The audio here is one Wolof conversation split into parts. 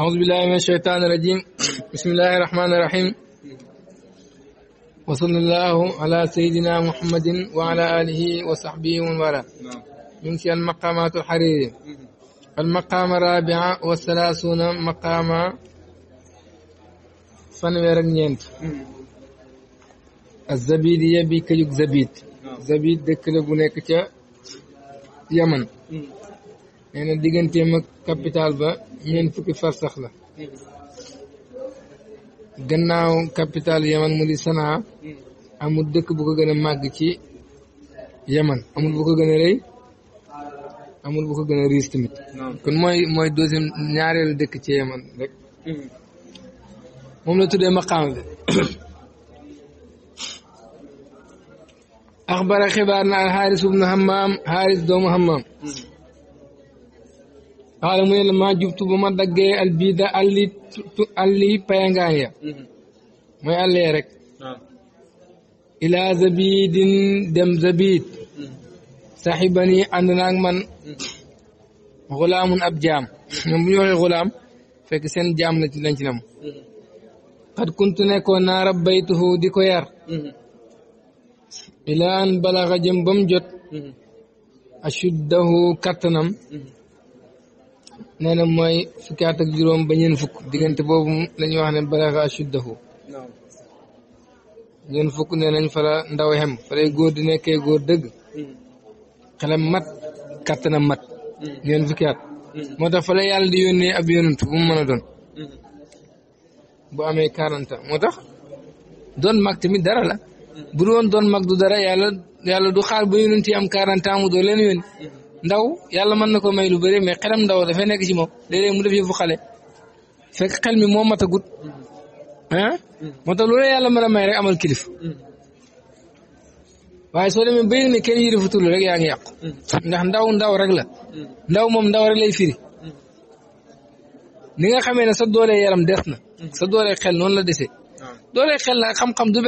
أعوذ بالله من الشيطان الرجيم بسم الله الرحمن الرحيم وصلى الله على سيدنا محمد وعلى آله وصحبه ومن والاه في المقامات الحريرية المقام الرابع والثلاثون مقام فنوير نينت الزبيدية بكيوك زبيد نعم. زبيد دكلا بنيكتا يمن nee na digganteem ak capital ba ñeent fukki farsax la gannaaw capital yaman mu di sanaa amul dëkk bu ko gën a màgg ci yaman amul bu ko gën a rëy amul bu ko gën a riis tamit kon mooy mooy dëkk ci yaman rek hmm. moom la tuddee maqaam bi axbara na al xaaris ubnu hammaam xaaris doomu hammaam hmm. قال مي لما جبت بما دغ البيدا علي علي بينغايا مي علي رك الى زبيد دم زبيد صاحبني عندنا من غلام ابجام نم يوي غلام فك سن جام لا نتي نم قد كنت نكو نار بيته ديكو يار الى ان بلغ جم بم جوت اشده كتنم nee na mooy fukki at juróom ba ñeen fukk diggante boobu la ñuy wax ne balaga ashuddahu ñeen fukk nee nañ fa ndaw xem fa lay góor di nekkee góor dëgg hmm. xelam mat kàttanam mat hmm. ñeen fukki hmm. moo tax fa la yàlla di yónnee ab yonent bu mu doon bu amee quarante moo tax doon mag tamit dara la bu doon doon mag du dara yàlla yàlla du xaar ba yonent yi am quarante ans mu doo leen yónni ndaw yàlla man na ko may lu bëri mais xelam ndaw dafay nekk ci moom léeg-léeg mu def yëfu xale fekk xel mi moo mat a gudd ah moo tax loolu yàlla mën a may rek amal kilif waaye soo demee bay yëg ne kenn yërifutul rek yaa ngi yàqu ndax ndaw ndaw rek la ndaw moom ndaw rek lay firi ni nga xamee ne sa doole yaram des na sa doole xel noonu la desee ah. doole xel nag xam-xam du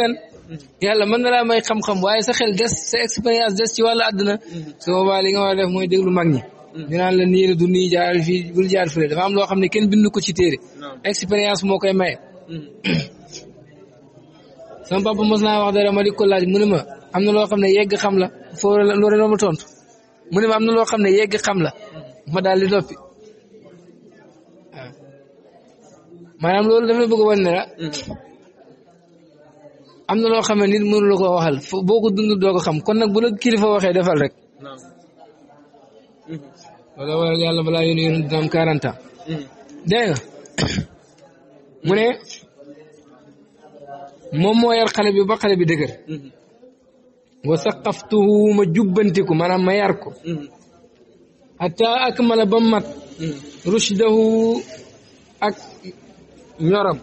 Mm-hmm. yàlla mën na laa may xam-xam waaye sa xel des sa expérience des ci wàllu àdduna mm-hmm. su boobaa li nga war a def mooy déglu mag ñi mm-hmm. ñu naan la nii la du nii jaaral fii jaar fële dafa am loo xam ne kenn bindu ko ci téere expérience moo koy maye sama papa mos naa wax ma ko laaj mu ma am na loo xam ne yegg xam la foo loolu la ma tontu mu ne ma am na loo xam ne yegg xam la ma daal di am na loo xam ne nit mënu la koo waxal boo ko dund doo ko xam kon nag bu la kilifa waxee defal rek. wala wala yàlla balaa yónni yónni dina am 40 ans. dégg nga mu ne moom moo yar xale bi ba xale bi dëgër. Mm-hmm. wa saqaftuhu ma jubbantiku maanaam ma yar ko. Mm-hmm. hatta akmala ba mat. Mm-hmm. rushdahu ak ñoram.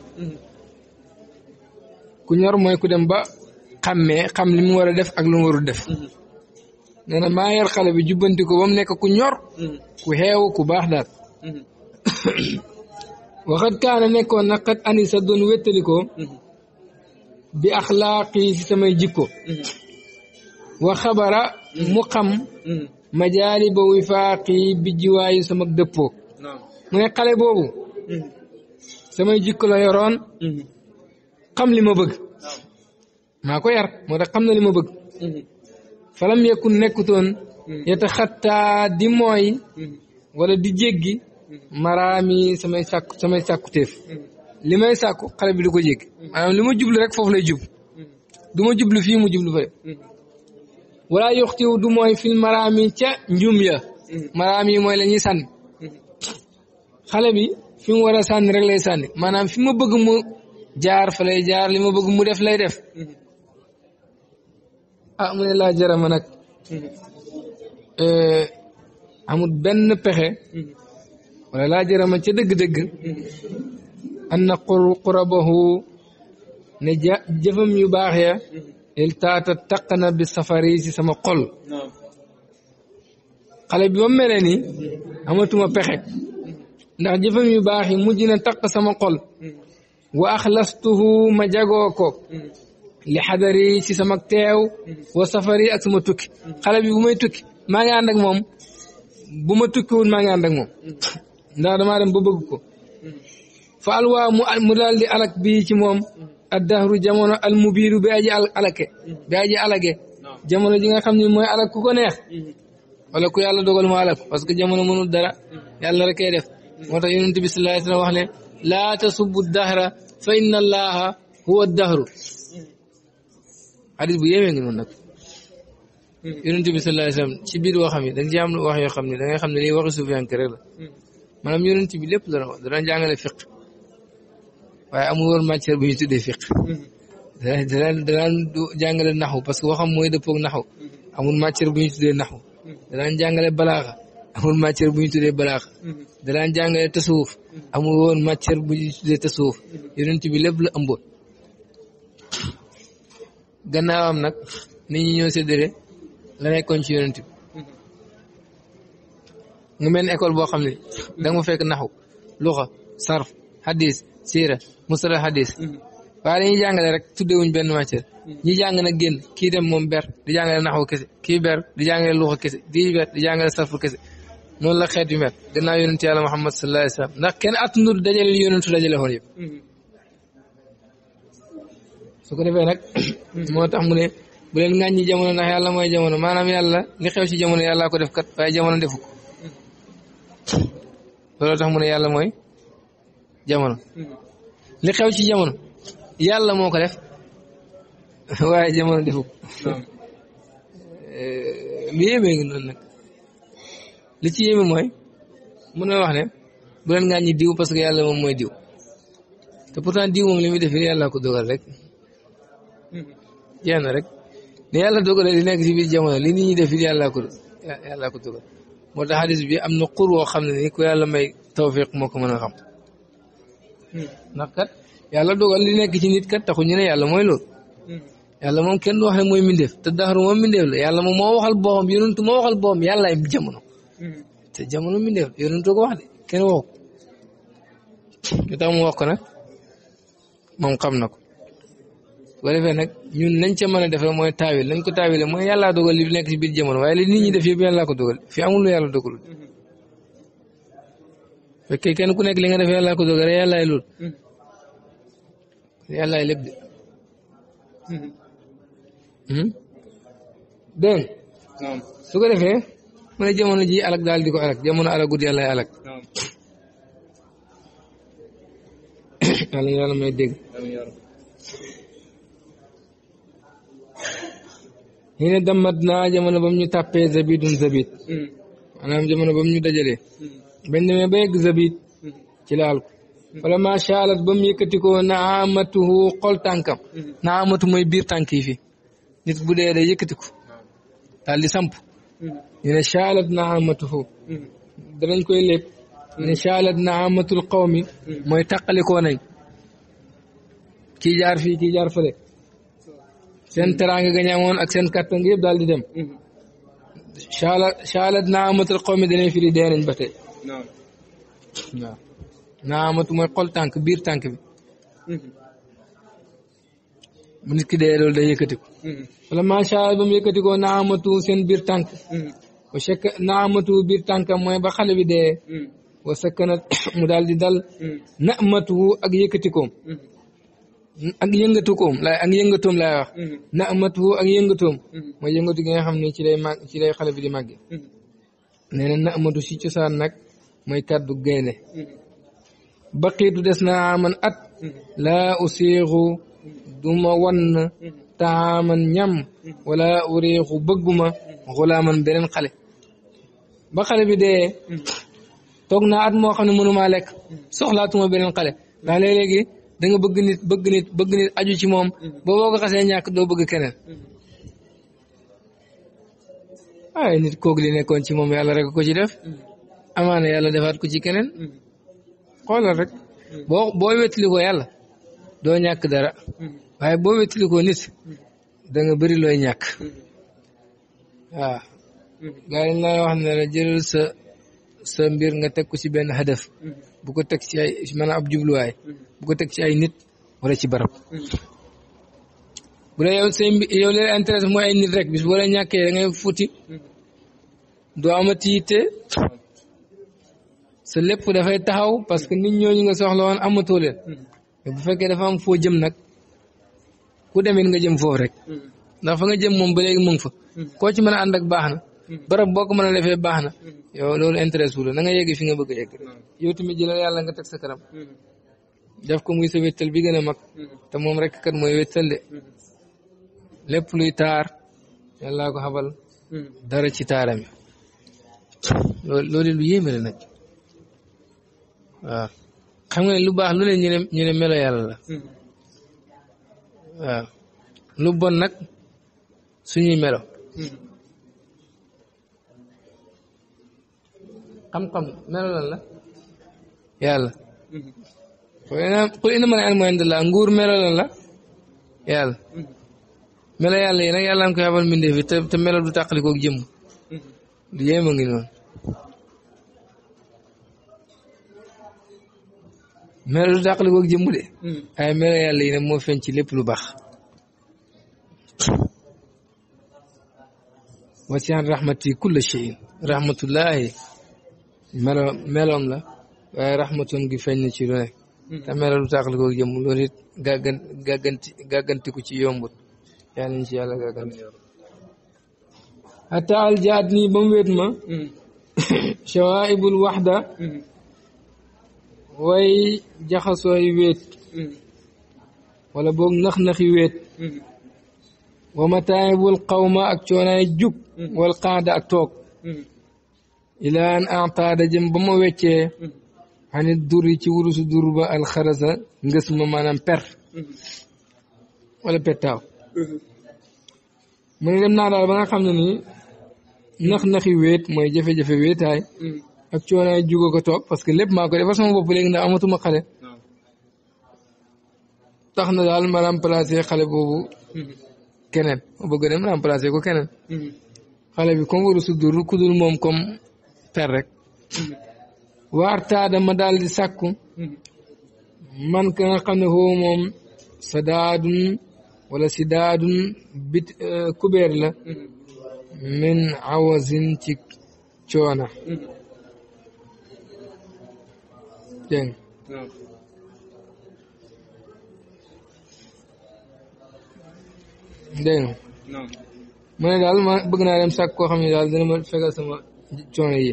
ku ñor mooy ku dem ba xàmmee xam li mu war a def ak lu mu warul def mm-hmm. nee maa yar xale bi jubbanti ba mu nekk ku ñor mm-hmm. ku xew ku baax daal mm-hmm. waxat kaana nekkoon na xat anisa doon wéttali ko bi axlaaqi si samay jikko wa xabara mu xam majaali ba wifaaqi bi sama dëppoo mu ne xale boobu samay jikko la yoroon xam li ma bëgg maa ko yar moo tax xam na li ma bëgg falam yekku nekkutoon yeta xattaa di mooy wala di jéggi maraami samay sàkku samay sàkku li may sàkku xale bi du ko jéggi maanaam li ma jublu rek foofu lay jub du ma jublu fii mu jublu fële wala yoxtiw du mooy fil maraami ca njum ya maraami mooy lañu ñuy xale bi fi mu war a sànni rek lay sànni maanaam fi ma bëgg mu jaar fa lay jaar li ma bëgg mu def lay def ah mu ne laa jarama nag mhm. eh, amul benn pexe mhm. wala laa jarama ca dëgg-dëgg mhm. an na qur ne ja jëfam yu baax ya il taata taq na bi safari sama xol xale bi ba mu mel ni amatuma pexe ndax jëfam yu baax yi mujj na taq sama xol wa axlastuhu ma jagoo ko mm. li xadari ci sama teew mm. wa safari ak sama tukki mm. xale bi bu may tukki maa ngi ànd ak moom bu ma tukki tukkiwul maa ngi ànd ak moom ndax damaa dem ba bëgg ko fa alwaa mu mu daal di alak bii ci moom addahru jamono al mubiiru bi aji alake bi aji alage jamono ji nga xam ni mooy alak ku ko neex wala ku yàlla dogal ma alak parce que jamono mënul dara yàlla rek def moo tax yonent bi sallallahu alayhi wa sallam wax ne laa tasubbu dahra fa inna allaha huwa dahru xadis bu yéemee ngi noonu nag yonent bi sallallahu alayhi wasallam ci biir waxam yi da nga ci am wax yoo xam ne da ngay xam ne lii waxi suufiyanke rek la maanaam yonent bi lépp dana wax dana jàngale fiq waaye amul woon matière bu ñu tuddee fiq dana dana danaan jàngale naxu parce que waxam mooy dëppoog naxu amul matière bu ñu tuddee naxu danaan jàngale balaaxa amul matière bu ñu tuddee balaaxa dalaan jàngale tasawuf amul woon matière bu ñuy tuddee tasawuf yonent bi lépp la ëmb. gannaawam nag nit ñi ñoo séddale la nekkoon ci yonent bi nga mel ni école boo xam ne da nga fekk naxu luxa sarf hadis siira musala hadis waaye dañuy jàngale rek tuddewuñ benn matière ñi jàng nag génn kii dem moom ber di jàngale naxu kese kii ber di jàngale luxa kese di ber di jàngale sarfu kese noonu la xeet yu met gannaaw yonentu yàlla Muhammad sallallahu alayhi ndax kenn attanul dajale li yonentu dajale woon yëpp mm-hmm. su ko defee nag mm-hmm. moo tax mu ne bu leen ŋàññi ndax yàlla mooy jamono maanaam yàlla li xew ci jamono yàllaa ko def kat waaye jamono defu mm-hmm. tax mu yàlla mooy jamono xew ci jamono yàlla moo ko def waaye jamono defu ko eh, lu yéemee ngi noonu nag li ci yéeme mooy mun na wax ne bu leen ngàññi diw parce que yàlla moom mooy diw te pourtant diw moom li muy def yàlla ko dogal rek jeex na rek yàlla dogalee li nekk jamono li nit ñi def yàlla ko yàlla ko dogal moo tax bi am na xur woo xam ne ni ku yàlla may tawfiq moo ko mën a xam ndax kat dogal li nekk ci nit kat taxu ñu ne yàlla mooy loolu yàlla moom kenn du wax ne mooy mindeef te daxaru moom mindeef la yàlla moom moo waxal boppam yonentu moo waxal boppam yàllaay jamono Mm. te jamono mi def yonentoo ko wax de kenn woo ko lu tax mu wax ko nag moom xam na ko bu ñun nañ ca mën a defee mooy taawil nañ ko taawile mooy yàllaa dogal li nekk ci biir jamono waaye li nit def yëpp yàllaa ko dogal fi amul lu yàlla dogalul mm-hmm. fekkee kenn ku nekk li nga def yàllaa ko dogal yàllaay lool mm-hmm. yàllaay lépp de mm-hmm. hmm? dégg su ko defee mu ne ji alak daal di ko alak jamono alagut yàlla lay alak yàlla yàlla may dégg ñu ne damat naa jamono bam ñu tàppee zabidun zabit maanaam jamono bam ñu dajalee bañ demee ba yegg zabit ci ko wala macha allah ba mu yëkkati ko naamatuhu xol tànkam naamatu mooy biir tànk yi nit bu dee day yëkkati ko daal di samp ñu ne chaalat na amatuhu danañ koy lépp ñu ne chaalat na amatul qawmi mooy tàqalikoo jaar fi kii jaar fële seen teraanga ga ñaamoon ak seen kàttan yëpp daal di dem chaala chaalat na amatul qawmi danañ firi naamatu mooy xol tànk biir tànk bi mu nit ki dee loolu day ko mm-hmm. wala macha ba mu yëkkati ko naamatu seen biir tànk mm-hmm. wa shakk naamatu biir tànkam ba xale bi dee hmm. wa sakkanat mu daal di dal hmm. naamatu ak yëkkatikoom hmm. ak yëngatikoom laay ak yëngatoom laay naamatu ak yëngatoom mooy yëngatu gi nga xam ne ci lay màgg xale bi di màgge nee na naamatu si cosaan nag mooy kàddu gaynde baqiitu des naa aman at laa usiixu duma wann taaman ñam wala uriixu bëgguma xulaaman beneen xale ba xale bi dee toog moo xam ne mënumaa lekk soxlaatuma beneen xale ndax léeg bëgg nit bëgg nit bëgg nit ci moom ba ko ñàkk doo bëgg keneen nit kooku nekkoon ci moom yàlla rek ko ci def amaana yàlla defaat ko ci keneen xoolal rek boo boo ko yàlla doo ñàkk dara waaye boo wettali ko nit da nga bëri waaw gars wax ne la jëlal sa mbir nga teg ko ci benn hadaf bu ko teg ci ay ab jubluwaay bu ko teg ci ay nit wala ci barab bu dee yow say yow leen intéresse mooy ay nit rek bis wala ñàkkee da ngay fuuti doo amati yitte sa lépp dafay taxaw parce que nit ñooñu nga soxla woon amatoo leen bu fekkee dafa am foo jëm nag ku demit nga jëm foofu rek ndax fa nga jëm moom ba léegi mu fa hmm. koo ci mën a ànd ak baax na hmm. barab boo ko mën a defee baax na hmm. yow loolu intéresse wu la na nga yegg fi nga bëgg a yegg yow tamit jëlal yàlla nga teg sa kanam def ko muy sa wéttal bi gën a mag te moom rek kat mooy wéttal de lépp luy taar yàllaa ko xabal dara ci taaram yi loolu loolu lu yéeme nag waaw xam nga ne lu baax lu ne ñu ne melo yàlla la waaw lu bon nag suñuy melo hmm. xam-xam melo lan la yàlla qul innamal ilmu indallah nguur melo lan la yàlla hmm. melo yàlla yi nag yàlla na ko yabal mbindee fi te te melo du tàqalikoog jëmm hmm. du yéem a ngi noonu melo du tàqalikoog jëmm de waaye melo yàlla yi moo feeñ ci lépp lu baax وسيان رحمتي كل شيء رحمة الله ملون لا رحمة غفين نشيره تمر الوتاقل قول جمول وريد غاغن تكوشي يوم بود يعني إن شاء الله غاغن حتى الجادني بمويت ما شوائب الوحدة وي جخصوي ويت ولا بوغ نخ نخي ويت wa mataayibul qawma ak coonaay jug mm-hmm. wal qaada ak toog mm-hmm. ilaa an ataada jëm ba ma weccee xanit mm-hmm. duri ci wurusu dur ba alxarasa ngës ma maanaam per wala pettaaw mu ne dem naa daal ba nga xam ne nii nax-naxi weet mooy jafe-jafe wéetaay ak coonaay juga ko toog parce que lépp maa ko defar sama bopp léegi ndax amatuma xale tax na daal maanaam placé xale boobu keneen mu bëgg a dem remplacer ko keneen. xale bi comme waru sudur ku dul moom comme per rek. waartaa dama daal di sàkku. man ka nga ne foofu moom sadaadun wala sidaadun bit eh, kubéer la. min awasin coona. Mm-hmm. dégg nga ma ne daal ma bëgg naa dem sàkk koo xam ne daal dina ma fegal sama coono yi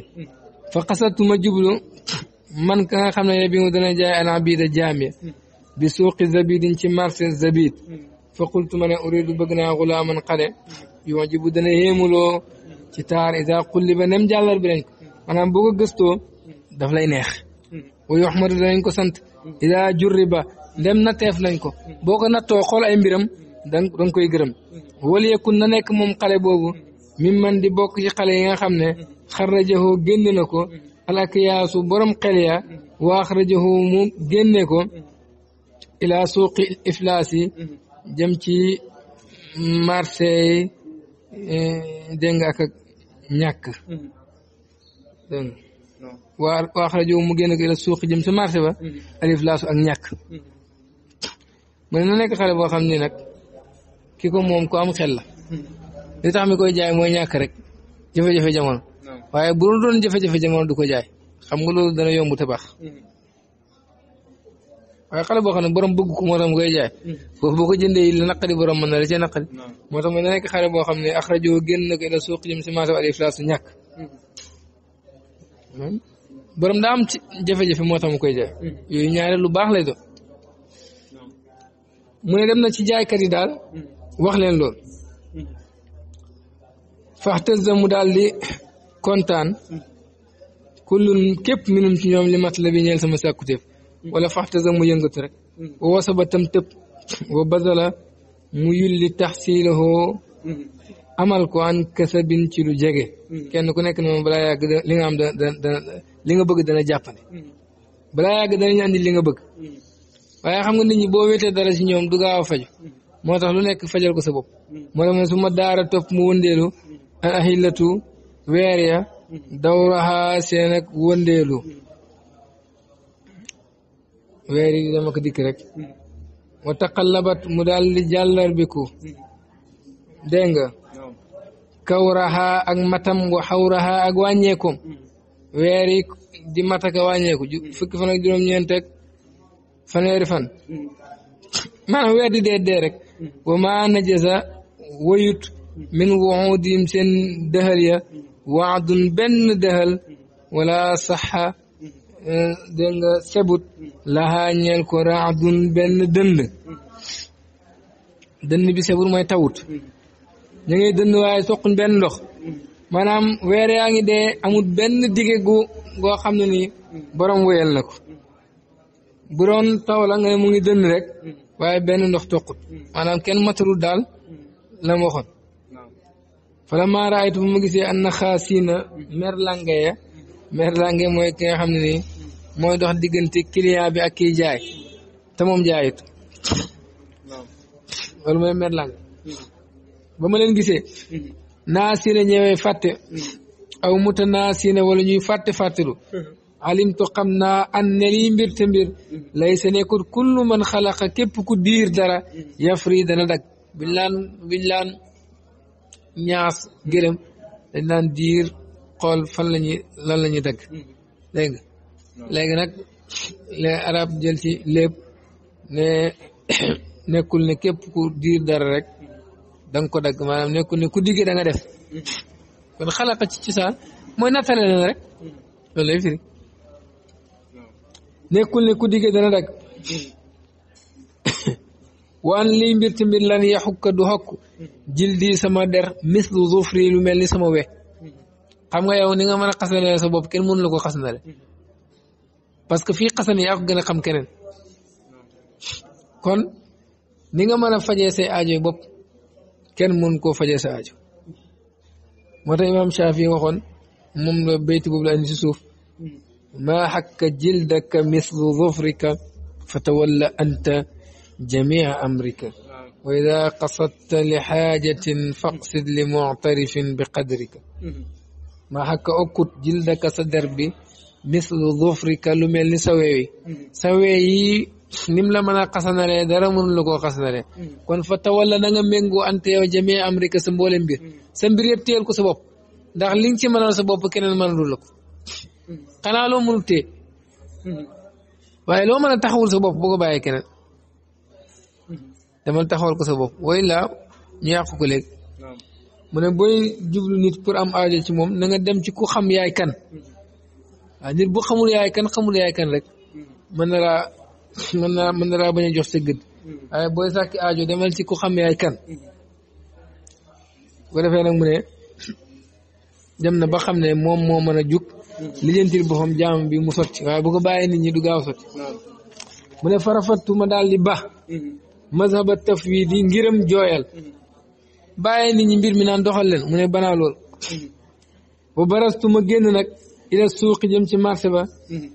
fa xasatu ma jublu man ka nga xam ne ye bi mu dana jaay ana biida jaame bi suuqi zabidin ci marché zabid fa qultu ma ne uridu bëgg naa xulaaman xale yoon ji bu dana yéemuloo ci taar ida xulli ba nem jàllar bi lañ ko maanaam boo ko gëstoo daf lay neex wa yoxmadu danañ ko sant ida jurri ba ndem natteef lañ ko boo ko nattoo xool ay mbiram da nga koy gërëm wala yëkkun na nekk moom xale boobu mi man di bokk ci xale yi nga xam ne xarrajahu génne na ko alakiyaasu borom xelya ya mu génne ko ilaa suuqi iflaas yi jëm ci marché yi dégg nga ak ñàkk dégg waa waa xarajo mu génn ko ila suuq jëm sa marché ba aliflaasu ak ñàkk mu ne xale boo xam ni nag ki ko moom ko am xel la li tax mi koy jaay mooy ñàkk rek jafe-jafe jamono waaye bu doon jafe-jafe jamono du ko jaay xam nga loolu dana yomb te baax waaye xale boo xam ne borom bëgg ko moo tax mu koy jaay ko jëndee na la cee naqari moo tax ma boo xam ne ak rajo génn na ko si marché al iflaas ñàkk borom daa am ci koy yooyu ñaare lu baax lay doon mu ne dem na ci jaaykat yi daal wax leen loolu faxtasa mu daal di kontaan kullun képp minum ci ñoom li mat la bi ñeel sama sàkkuteef wala faxtasa mu yëngatu rek wa wasaba tam tëb wa badala mu yulli taxsiilahoo amal ko an kasabin ci lu jege kenn ku nekk ne moom balaa yàgg li nga am dana li nga bëgg dana jàppane balaa yàgg danañu andi li nga bëgg waaye xam nga nit ñi boo wéetee dara ci ñoom du a faju moo tax lu nekk fajal ko sa bopp moo tax mu ne su ma daara topp mu wëndeelu an ahillatu weer ya dawraha seen ak wëndeelu dama ko dikk rek wa taqallabat mu dal di jàllarbiku dégg nga kawraha ak matam wa xawraha ak wàññeekom weer yi di mataka wàññeeku fukki fan faneeri fan maanaam weer di dee rek wa ma najasa wayut min wuxuudim seen dëhal ya waadun benn dëhal wala saxa dégg nga sebut laxaa ñeel ko raadun benn dënd dënd bi sebut mooy tawut ñu ngay dënd waaye soquñ benn ndox manaam weer yaa ngi dee benn dige gu goo xam ne ni borom wéyal na ko bu doon la nga mu ngi dënd rek waaye benn ndox toqut maanaam kenn matalul daal la ma waxoon fala maa raaytu bu ma gisee an na xaasiina mer langue mooy ki nga xam ne nii mooy dox diggante client bi ak kiy jaay te moom jaayut loolu mooy mer ba ma leen gisee mm-hmm. naa siina ñëwee fàtte mm-hmm. aw muta naa siina wala ñuy fàtte fàttelu mm-hmm. alimtu xam naa an ne lii mbir te mbir lay sa nekkut kullu man xalaqa képp ku diir dara yafri dana dag biñ laan laan ñaas gërëm dañ naan diir xool fan la ñuy lan la ñuy dagg dégg léegi nag arab jël ci lépp ne nekkul ne képp ku diir dara rek da ko dagg maanaam nekkul ne ku digge da nga def mm-hmm. kon xalaqa ci cosaan mooy nattale na rek mm-hmm. loolu lay nekkul ne ku digge dana dag waan liy mbir ti mbir lan du xokk jildi sama der mislu zufri lu mel ni sama we xam nga yow ni nga mën a xasanale sa bopp kenn mënu la ko xasanale parce que fii xasan yaa ko gën a xam keneen kon ni nga mën a fajee se aajo bopp kenn mënu koo fajee sa aajo moo tax imaam Shaafi waxoon moom la bayti boobu la andi si suuf ما حك جلدك مثل ظفرك فتولى أنت جميع أمرك وإذا قصدت لحاجة فاقصد لمعترف بقدرك ما حك أكت جلدك صدر بي مثل ظفرك لميل سويه سوي نملا منا قصنا لي درمون لكو قصنا لي كون فتولى نغم مينغو أنت يا جميع أمرك سمبولن بي سمبريب تيالكو سبب داخل لينشي منا سبب كنن منا لكو Hmm. xanaa loo mënut téye hmm. waaye loo mën a taxawul sa bopp bu ko bàyyee keneen hmm. demal taxawal ko sa bopp woy laa ñu yàqu ko léegi mu ne booy jublu nit pour am aajo ci moom na nga dem ci ku xam yaay kan waaw bu xamul yaay kan xamul yaay kan rek mën na laa mën na mën na laa bañ jox sa gëdd waaye booy sàkki aajo demal ci ku xam yaay kan bu ko defee nag mu ne dem na ba xam ne moom moo mën a jug lijjantil boppam jaam bi mu sotti waaye bu ko bàyyee nit ñi du gaaw sotti mu ne farafattu ma daal di ba mazhaba tafwid yi ngiram jooyal bàyyee nit ñi mbir mi naan doxal leen mu ne banaa lool ba barastu ma génn nag ila suuqi jëm ci marché ba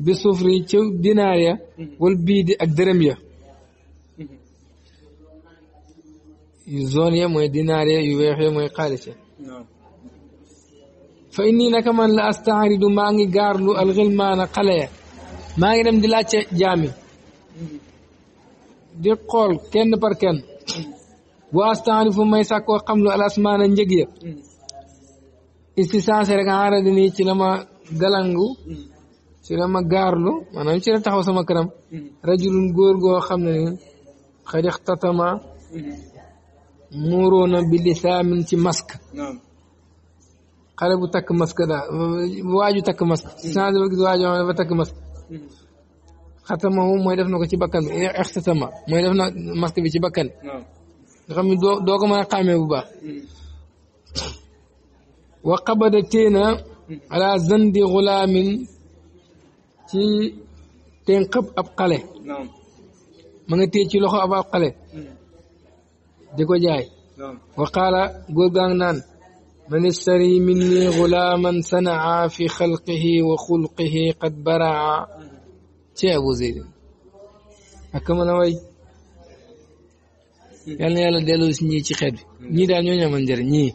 bi suufri ci dinaar ya wal bii di ak dërëm ya zone ya mooy dinaar ya yu weex ya mooy xaalis fa inni naka man la astaaridu maa ngi gaarlu alxilmaana xale ya maa ngi dem di laajte jaami di xool kenn par kenn wa astaarifu may sàkkoo xam lu al asmaana njëg ya istisancé rek enra dini ci la ma galangu ci la ma gaarlu maanaam ci la taxaw sama kanam rajulun góor goo xam ne ni xadix tatama muuroona bi lisaamin ci masque xale bu takk masque daal waaju takk masque hmm. change ba gis waaju dafa takk masque hmm. xatamahu mooy def na ko ci bakkan bi mooy def na masque bi ci bakkan nga ne doo doo ko mën a xàmmee bu baax hmm. wa qabada téena ala zandi xulaamin ci tenqëb ab xale ma nga téye ci loxo ab ab xale di ko jaay wa qaala góor gaa ngi naan من اشتري مني غلاما صنعا في خلقه وخلقه قد برعا تي أبو زيد أكمل وي yàlla na yàlla delloo si ñii ci xeet bi ñii daal ñoo ñaman njëriñ ñii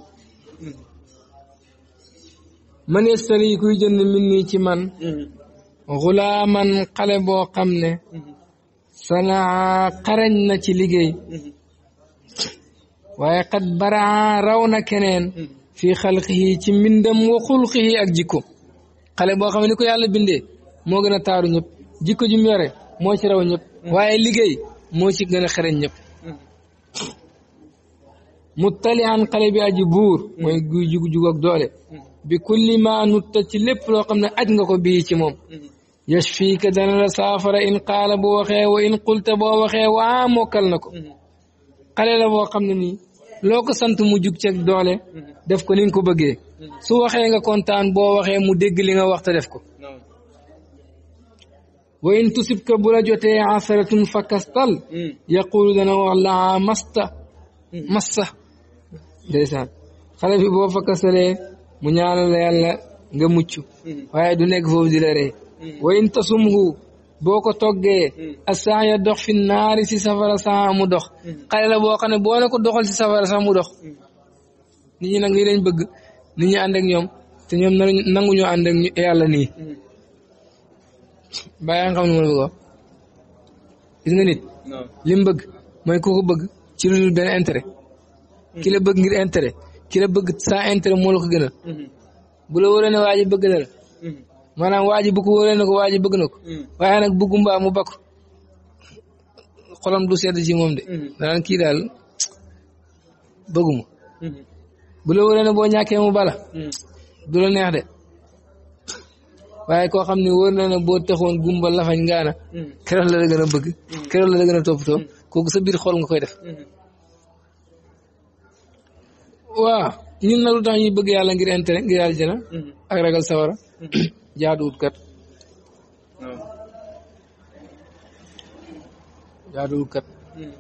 man estari kuy jënd min nii ci man xulaaman xale boo xam ne sanaa xarañ na ci liggéey waaye xat baraa raw na keneen fii xalqihi ci mbindam wa xulqihi ak jikko xale boo xam ne ni ko yàlla bindee moo gën a taaru ñëpp jikko ju mu yore moo ci raw ñëpp mm. waaye liggéey moo ci gën a xereñ ñëpp mm. muttalihan xale bi aj buur mm. mooy guy jugu-jug ak doole bi kulli ma nutta ci lépp loo xam ne aj nga ko bii ci moom yashfiika dana la saafara in qaala boo waxee wa in qulta boo waxee waa mokkal na ko xale la boo xam ne nii loo ko sant mu jug ceeg doole def ko ni nga ko bëggee su waxee nga kontaan boo waxee mu dégg li nga wax te def ko wa in tusibka bu la jotee asaratun fakastal yaqulu na wax laa masta massa ndeysaan xale bi boo fakkastalee mu ñaanal la yàlla nga mucc mm-hmm. waaye du nekk foofu di ree wa in tasumhu Boko ko toggee hmm. asaa dox fi naari si safara saa mu dox hmm. xale la boo xam ne ko doxal si safara sax mu dox hmm. nit ñi nag lii lañ bëgg nit ñi ànd ak ñoom te ñoom nanguñoo ànd ak yàlla nii bàyyi nga xam ne ma la bëgg gis nga nit lim bëgg mooy ku ko bëgg ci lu benn intérêt ki la bëgg ngir intérêt ki la bëgg sans intérêt moo la ko gënal bu la wóoree ne bëgg maanaam waa ji bu ko wóoree na ko waa bëgg na ko hmm. waaye nag bëggu mbaa mu bakk xolam du sedd ci moom de hmm. danaan kii daal bëgguma hmm. bula la wóoree ne boo ñàkkee mu bala dula neex de waaye koo xam ne wóor na ne boo taxoon gumba lafañ ngaana keroog la gën a bëgg keroog la la gën a toppatoo kooku sa biir xol nga koy def waaw ñun nag lu tax ñuy bëgg yàlla ngir intérêt ngir aljana ak ragal sawara jaaduwut kat oh. jaaduwut kat waaw hmm.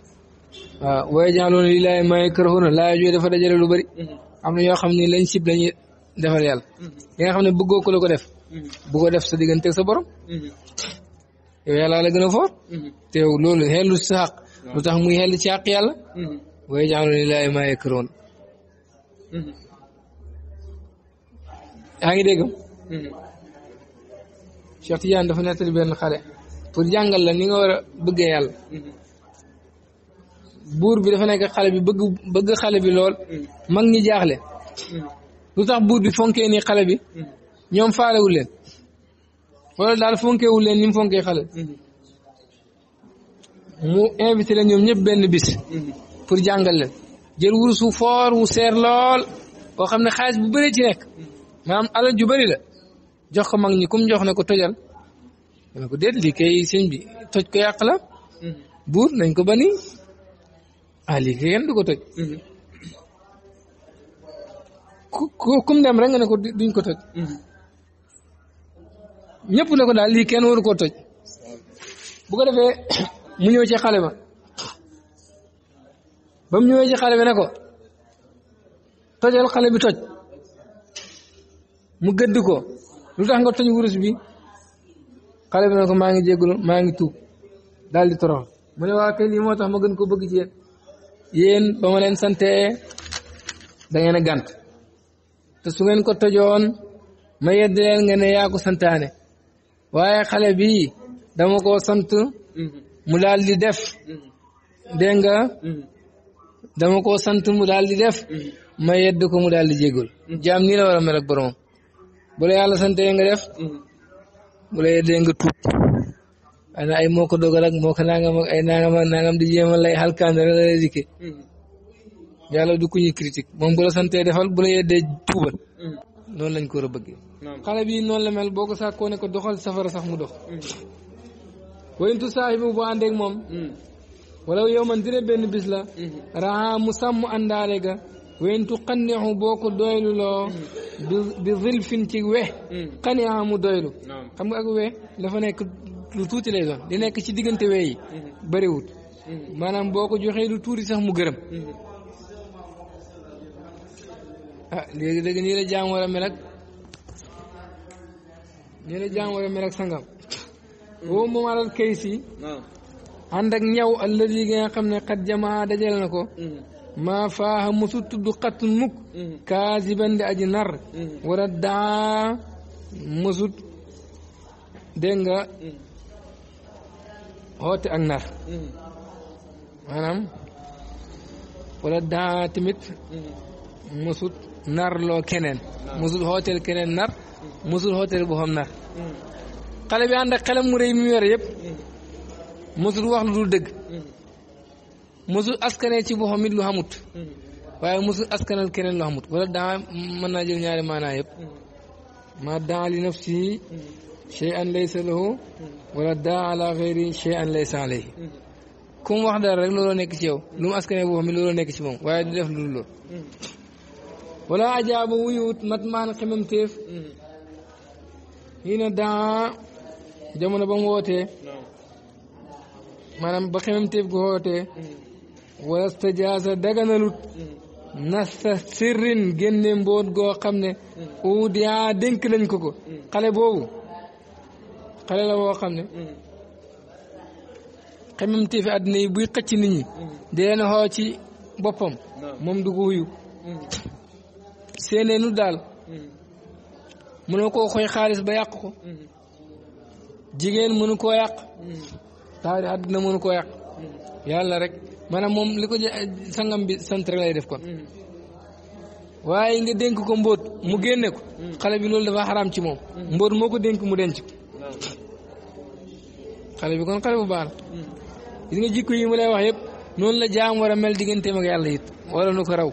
ah, waaye jàlloon li laay may kërxuna laaya jooy dafa dajale lu bëri hmm. am na yoo xam ne lañ sib lañu defal yàlla li hmm. nga xam ne bëggoo ko def bu def sa diggante sa borom yow yàlla la gën te yow loolu xellu si xaq lu tax muy xell ci xaq yàlla waaye jàlloon li laay may kërxuna yaa ngi Cheikh Tidiane dafa nettali benn xale pour jàngal la ni nga war a bëggee yàlla buur bi dafa nekk xale bi bëgg xale bi lool mag ñi jaaxle lu tax buur bi fonkee nii xale bi ñoom faalewul leen wala daal fonkeewul leen ni mu fonkee xale mu invité leen ñoom ñëpp benn bis pour jàngal leen jël wurusu foor wu seer lool oo xam ne xaalis bu bëri ci nekk maanaam alal ju la jox ko mag ñi kum jox ne ko tojal dama ko déet li kay sëñ bi toj ko yàq la buur nañ ko bani ali ke yen du ko toj kum dem rek nga ne ko duñ ko toj ñëpp ne ko daal lii kenn waru ko toj bu ko defee mu ñëw ci xale ba ba mu ñëwee ci xale bi ne ko tojal xale bi toj mu gëdd ko lu tax nga toj wurus bi xale bi ne ko maa ngi jégalu maa ngi tuub daal di torox mu ne waa kay lii moo tax ma gën ko bëgg ci yéen yéen ba ma leen sante da ngeen a gànt te su ngeen ko tojoon ma yedd leen nga ne yaa ko santaane waaye xale bi dama koo sant mu daal di def dégg nga dama ko sant mu daal di def mm-hmm. ma yedd ko mu daal di jégalu jaam nii la war a mel bu la yàlla santee nga def mm-hmm. bu la yeddee nga tuub ana ay moo ko dogal ak moo ko nangam ak ay nangam ak nangam di jéema lay xalkaan rek la dikke mm-hmm. yàlla du ku ñuy critique moom bu la santee defal bu la yeddee tuubal mm-hmm. noonu lañ ko war a bëggee xale bi noonu la mel boo ko sàkkoo ne ko doxal safara sax mu dox wayntu saahibu bu àndeek moom wala yow benn bis la raha mu sàmm àndaale wen tu xannexu boo ko doylu loo bi zilfin ci we xanexa mm. mu doylu xam nga ak we dafa nekk lu tuuti lay doon di nekk ci diggante we yi mm-hmm. bëriwut mm-hmm. maanaam boo ko joxee lu tuuti sax mu gërëm mm-hmm. ah léegi dëgg nii la jaam war a mel ak la jaam war a mel ak sangam boobu moom alal kay si ànd ak ñaw alladi gi nga xam ne xat jamaa dajal na ko maa faaxa musu tudd xat mukk mm-hmm. kaasiban di aji nar mm-hmm. wala daa musut dégg nga xoote mm-hmm. ak nar maanaam wala daa tamit musut nar loo keneen musut xootel keneen nar musut xootel boo xam nar xale bi ànd ak xelam mu rëy mu yore yëpp musut wax lu dul dëgg mosul askanee ci Muhammad lu xamut mm. waaye mosul askanal keneen lu xamut wala daa mën naa jël ñaari maanaa yëpp mm. ma daa li nafsi mm. shay'an laysa lahu wala daa ala ghayri shay'an laysa alayhi ku wax dara rek looloo nekk ci yow lu mu askanee Muhammad looloo nekk ci moom waaye du def lu lool wala ajaaba wuyuwut mat maan xemam téef yi na daa jamono ba mu wootee maanaam ba xemam téef gu wootee wasta jaasa daganalut nasta sirrin génne mboot goo xam ne udiyaa dénk lañ ko ko xale boobu xale la woo xam ne xemam tiifi àddina yi buy xëcc nit ñi di leen xoo ci boppam moom du ko wuyu daal mënoo koo xoy xaalis ba yàq ko jigéen mënu koo yàq mm. taari àddina mënu koo yàq mm. yàlla rek maanaam moom li ko sangam bi sant lay def kon hmm. waaye nga dénk ko mbóot mu génne ko hmm. xale bi loolu dafa xaraam ci moom hmm. mboot moo ko dénk mu denc xale bi kon xale bu baax la nga jikko yi ma lay wax yëpp noonu la jaam war a mel digganteem ak yàlla it wala nu ko raw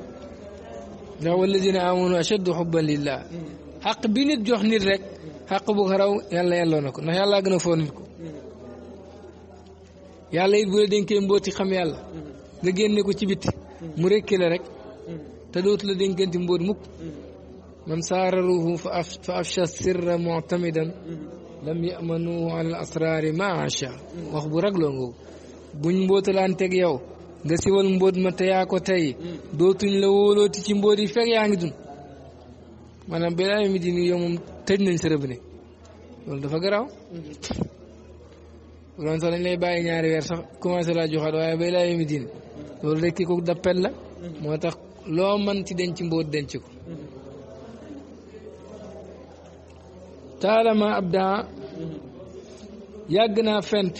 ndax wallazina amanu ashaddu xubban lillah xaq bi nit jox nit rek xaq bu ko raw yàlla yelloo na ko ndax yàlla gën a foo nit ko yàlla it bu la dénkee mbooti xam yàlla nga génne ko ci bitti mu rekki la rek te dootu la dénkanti mboot mukk man saararuhu fa afsha sirra mutamidan lam yamanuhu ala al asraari wax bu ragloo nga buñ teg yow nga si siwal mboot ma te yaa ko tey dootuñ la wóolooti ci mboot yi fekk yaa ngi dund maanaam beneen mi di nii yow moom tëj nañ sa rëbb ne loolu dafa garaaw loolu sax dañ lay bàyyi ñaari weer sax commencé laa joxaat waaye bay laa yemi diin loolu rek ki ko dappel la moo tax loo man ci denc mbóot denc ko taalama abdaa yàgg naa fent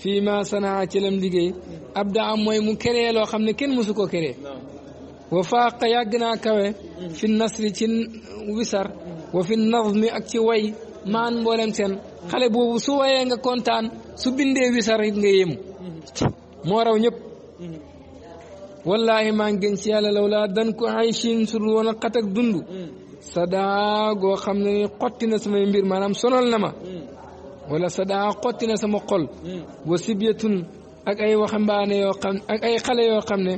fii ma sanaa ci lam liggéey abdaa mooy mu créé loo xam ne kenn mësu ko créé wa faaqa yàgg naa kawe fi nasri ci wisar wa fi nazmi ak ci way maan mboolem seen xale boobu su wayee nga kontaan su bindee wisar it nga yéemu moo raw ñëpp wallahi maa ngi gën ci yàlla law laa dan ko ay chin su dul dund sadaa goo xam ne ni xotti na samay mbir maanaam sonal na ma mm. wala sadaa xotti na sama xol mm. wa sibyatun ak ay waxambaane yoo xam ak ay xale yoo xam ne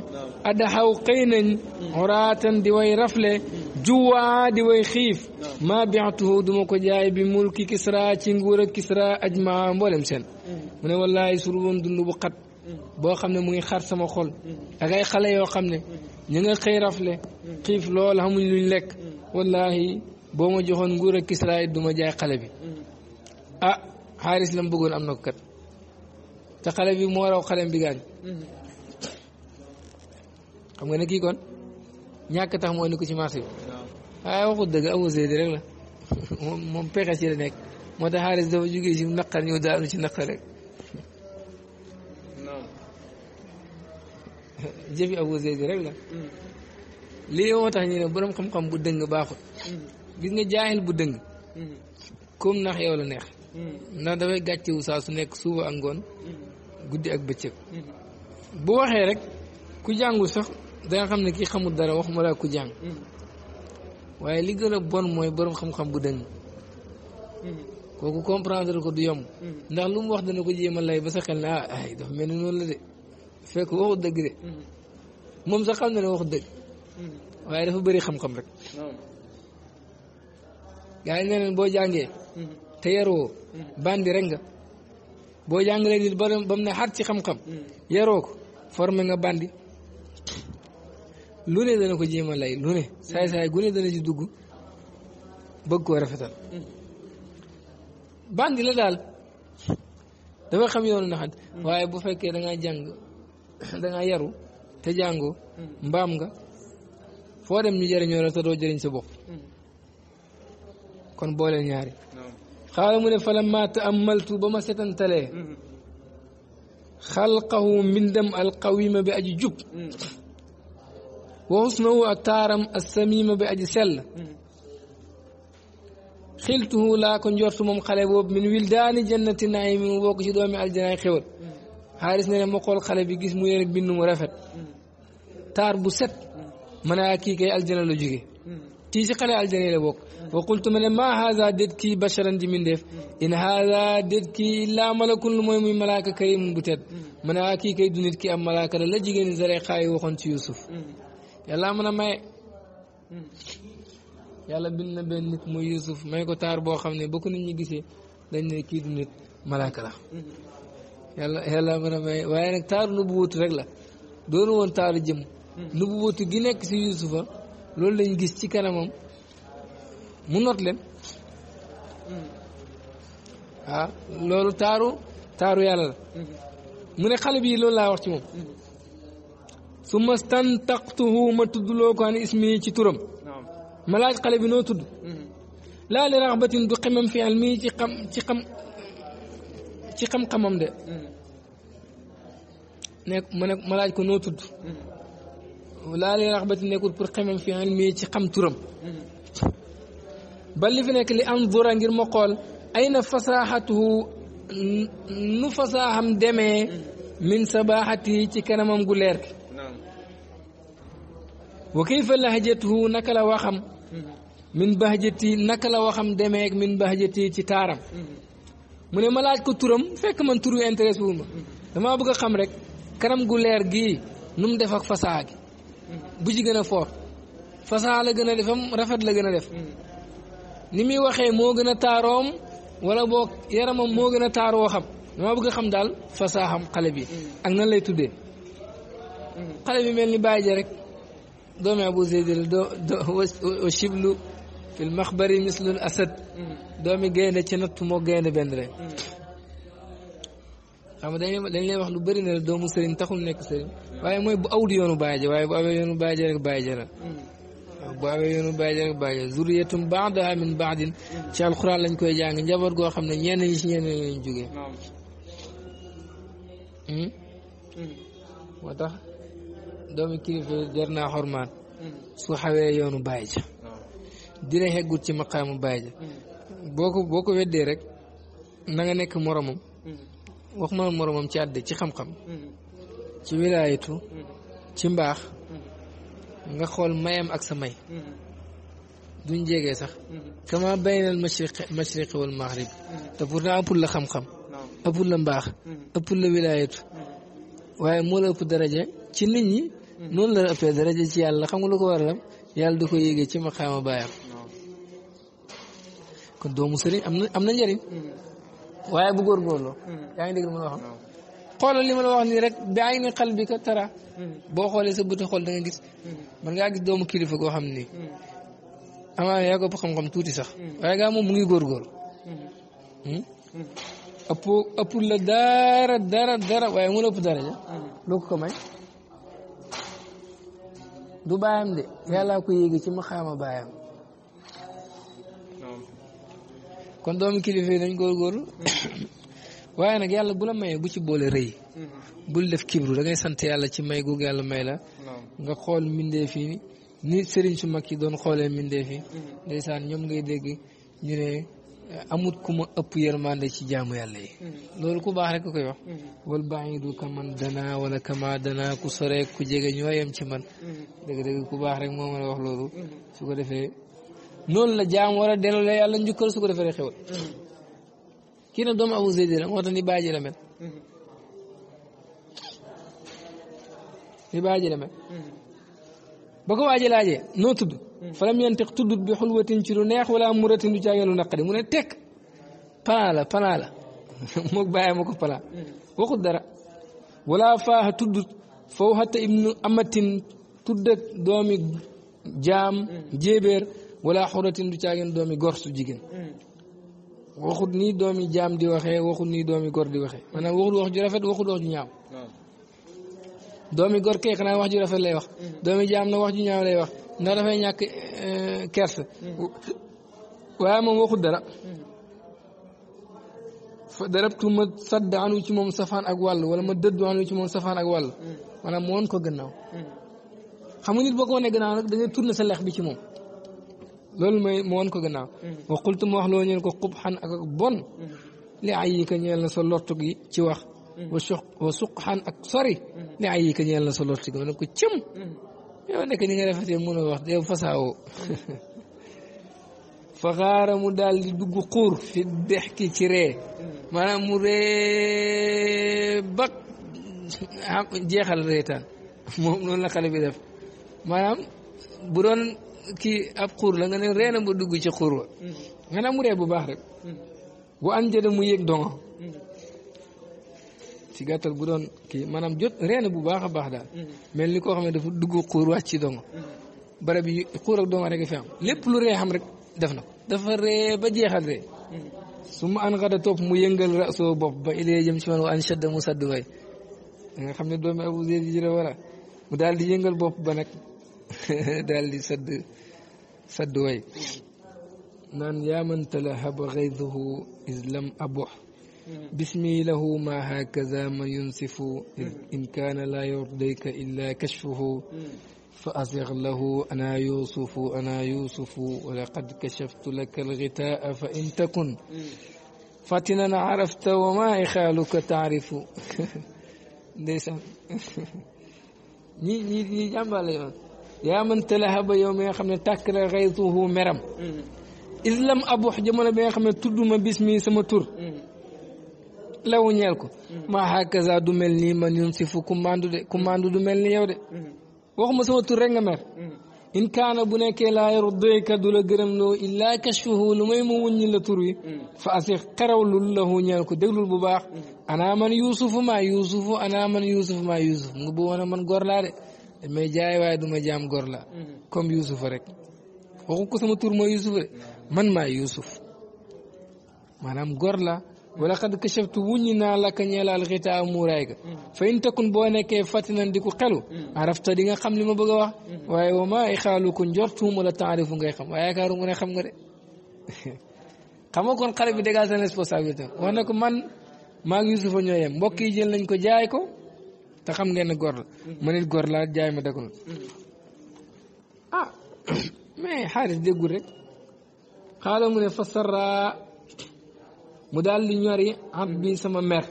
adaxaw xëy nañ hmm. xuraatan di way rafle hmm. juwaa di way xiif maa biatuhu duma ko jaay bi mulki kisra ci nguur ak kisra ajmaa mboolem seen hmm. mu ne wallaahi suru woon dund bu xat boo xam ne mu ngi xar sama xol ak ay xale yoo xam ne ñu nga xëy rafle xiif lool xamuñ luñ lekk wallaahi boo ma joxoon nguur ak kisra it jaay xale bi ah xaalis lam bëggoon am na ko kat te xale bi moo raw xalem bi gaañ xam nga ne kii kon ñàkk tax mu indi ko ci marché bi waaye waxut dëgg Abu rek la moom pexe ci la nekk moo tax xaalis dafa jógee ci naqar ñëw daanu ci naqar rek jëfi Abu Zayd rek la mm. lii moo tax ñu ne borom xam-xam bu dëng baaxut mm. gis nga jaahil bu dëng comme nax yow la neex mm. ndax dafay gàccewu saa su nekk suuba ak ngoon guddi ak bëccëg bu waxee rek ku jàngul sax danga xam ne kii xamul dara waxuma laa ku waaye li gën a bon mooy boroom xam-xam bu dëng kooku comprendre ko du yomb ndax lu mu wax dana ko jéem a lay ba sa xel ne ah ay dafa mel ni noonu la de fekk waxu dëgg de moom sax xam na ne waxu dëgg waaye dafa bëri xam-xam rek gaa yi ne leen boo jàngee te yaroo bandi rek boo jàngalee nit ba ba mu ne xat ci xam-xam hmm. yaroo ko formé nga bandi lu ne dana ko jéem a lay lu ne hmm. saay saay gu ne dana ci dugg bëgg koo rafetal hmm. bandi la daal dafa xam yoonu naxat waaye bu fekkee dangay jàng da yaru te jàngoo mbaam nga foo dem ñu jëriñoo la te doo jëriñ sa bopp kon boole ñaari قال من فلما تأملت بما ستنتلي خلقه من دم القويم بأجي جب وحسنه أتارم السميم بأجي سل خلته لا كن جرت من قلبه من ولدان جنة نعيم وقش دوام الجنة خير حارس نعم مقول قلب جسم ينب بن مرفت تار بسات مناكي كي الجنة لجيه تيجي قلب الجنة لبوك wa ma ne maa haza déet ki basharan di mindeef in haza déet kii illaa malakun lu mooy muy malaaka karim bu ma ne ah kii ki am malaaka la la jigéen ñi zare xaay waxoon ci Yuusuf yàlla mën a maye yàlla bind na benn nit may ko taar boo xam ne ba ko nit ñi dañ ne kii du malaaka la yàlla yàlla mën a maye waaye nag taaru nu wutu rek la doonu woon taaru jëm nu wutu gi si Yuusufa loolu lañ gis ci kanamam mu noot leen ah, loolu taaru taaru yàlla la mu ne xale bii loolu laa wax ci moom su ma stantaqtuhu ma tudd loo ko an ci turam malaaj laaj bi noo tudd mhm. laa li raxbatin du xemam fi almi ci xam ci xam ci xam-xamam de mhm. nekk ma ne ma laaj ko noo tudd mhm. laa li raxbatin nekkul pour xemam fi almi ci xam turam بل في نك لانظر غير مقول اين فصاحته نفصاهم دمي من صباحتي تي كنمم غولير وكيف لهجته نكلا وخم من بهجتي نكلا وخم دمك من بهجتي تي تارم مني ملاج كو تورم فك من تورو انتريس بوما دما بوغا خم رك كنم غولير غي نوم ديف اك فصاغي بوجي غنا فور فصاله غنا ديفم رافت لا غنا ديف ni muy waxee moo gën a taaroom wala boo yaramam moo gën a taaroo xam dama bëgg a xam daal fasaaxam xale bi ak nan lay tuddee xale bi mel ni bàyyi ja rek doomi abu zeydil do wa shiblu fil maxbari mislul asad gaynde ci nattu moo gaynde benn rek xam nga wax lu bëri ne la doomu sëriñ taxul nekk sëriñ waaye mooy bu awdi yoonu bàyyi waaye bu awee yoonu bàyyi ja rek bàyyi la boobe yoonu bàyyi jàng bàyyi zuriyatum baadaha min baadin ci alxuraan lañ koy jàng njaboot goo xam ne ñenn ñi ci ñenn lañ jógee hmm? Hmm. moo tax doomu kilifa jar naa xormaat hmm. su xawee yoonu bàyyi ja dina xeggut ci maqaamu bàyyi boo ko boo ko weddee rek na nga nekk moromam wax ma moromam ci àdd ci xam-xam ci wilaayatu ci mbaax nga xool mayam ak sa may mm-hmm. duñ jegee sax mm-hmm. kama baynal mashriq mashriqi wal maghrib mm-hmm. te pourtant ëppul la xam-xam ëppul la mbaax ëppul la wilaayatu waaye moo la ëpp daraja ci nit ñi noonu la ëppee daraja ci yàlla xam nga lu ko waral yàlla du ko yéegee ci maqaama baayam kon doomu sëriñ am na am na njëriñ waaye bu góorgóorloo yaa ngi dégg lu ma xoolal li ma la wax nii rek bi ay ni xel bi tara mm-hmm. boo xoolee sa bëti xool da gis man ngaa gis doomu kilifa goo xam nii mm-hmm. amaana yaa ko xam-xam tuuti sax mm-hmm. waaye gaa moom mu ngi góorgóorlu hmm? ëpp ëppul la dara dara dara waaye mu la ëpp dara ja ko ko may du baayam de yàllaa ko yéegi ci ma xaama baayam kon doomu kilifa yi dañ góorgóorlu waaye nag yàlla bu la mayee bu ci boole rëy bul def kibru dangay ngay sant yàlla ci may googu yàlla may la nga xool mbindeef yi ni sëriñ su mag ki doon xoolee mbindeef yi mhm. ndeysaan ñoom ngay dégg ñu ne amut ku ma ëpp yërmande ci jaamu yàlla yi mhm. loolu ku baax rek koy wax mhm. wal baidu kaman dana wala kama dana ku sore ku jege ñoo yem ci man dëgg-dëgg ku baax rek moo wax loolu su ko defee noonu la jaam war a delloo yàlla njukkal su ko defee rek kii nag doomu Abu Zayd la moo tax ni la mel ni baaji la mel ba ko waaji laajee noo tudd falam yantiq tuddut bi xulwatin ci lu neex wala muratin du caageen lu naqari mu ne tekk panaa la panaa la moog bàyyi ma ko waxut dara wala faaxa tuddut foofu hatta ibnu amatin tudd doomi jaam mm. jéebéer wala xuratin du caageen doomi gorsu jigéen mm. waxut nii doomi jaam di waxee waxut nii doomi gor di waxee maanaam waxut wax ju rafet waxut wax ju ñaaw doomi gor kee xanaa wax ju rafet lay wax doomi jaam na wax ju ñaaw lay wax ndax dafay ñàkk eh, kersa waaye moom waxut dara fa darabtu ma sadd anu ci moom safaan ak wàll wala ma dëddu anu ci moom safaan ak wàll mm. maanaam moon ko gannaaw mm. xam nga nit boo ko wanee gannaaw nag da nga tourné sa lex bi ci moom loolu mooy moon ko gannaaw mm-hmm. wa qultu ma wax loo ñeen ko xub xan ak bon mm-hmm. li ay yi ka ñeel na sa lottu gi ci wax mm-hmm. wa suq xan ak sori li ay yi ka ñeel na sa lottu gi ma ko cëm yow nekk ni nga rafetee mën a wax de fasaawoo fa xaara mu daal di dugg xuur fi dex ci ree maanaam mu ree ba jeexal reetaan moom noonu la xale bi def maanaam kii ab xuur la nga ne reena ba dugg ci xuur wa nga naa mu ree bu baax rek bu an jëda mu yëg dongo ci gàttal bu doon kii maanaam jot reena bu baax a baax daal mel ni koo xam ne dafa dugg xuur wàcc ci dongo barab yi dongo rek fi am lépp lu ree xam rek def na ko dafa ree ba jeexal ree su ma an xada topp mu yëngal rasoo bopp ba ilee jëm ci man wa an shadda mu sadd bay da xam ne doomi abu zeyd jërë wala mu daal di yëngal bopp ba nag دال لي سد سد وي نان يا من تلهب غيظه إذ لم أبح بسمي له ما هكذا ما ينسف إن كان لا يرضيك إلا كشفه فأزغ له أنا يوسف أنا يوسف ولقد كشفت لك الغتاء فإن تكن فاتنا عرفت وما إخالك تعرف ديسان ني ني ني جنب يا من تلهب يوم يا خمن تكر غيظه مرم إذ لم أبو حجم لا بين خمن تدوم باسم سما تور لا ونيالكو ما هكذا دوملني من ينصف كماندو دي كماندو دوملني يا ودي وهم سما تور رنگ مر إن كان بناك لا يردك دولا غرم نو إلا كشفه لمي موني لتروي فأسيق قرول الله نيالكو دغل بباخ أنا من يوسف ما يوسف أنا من يوسف ما يوسف نبو أنا من غرلاري dañ may jaay waaye du ma jaam gor la mhm. comme Yuusufa rek waxu ko sama tur mooy Yuusufa de man maa Yuusuf maanaam gor la wala xad kashaftu wuññi naa la ka ñeelaal xitaa muuraay ga mhm. fa in takun boo nekkee fàttinan di ko xelu mhm. arafta di nga xam li ma bëgg a wax waaye wa maa i xaalu ko njortuum wala ngay xam waaye yaakaaru nga ne nga de xam nga kon bi dégal seen responsabilité wax na man maa ngi Yuusufa ñoo yem mbokk yi jël ko jaay ko te xam ngeen ne góor la mm-hmm. man it góor laa jaay ma daganul mm-hmm. ah mais xaaris déggul rek xaala mu ne fa sarra mu daal ñori at bi mm-hmm. sama mer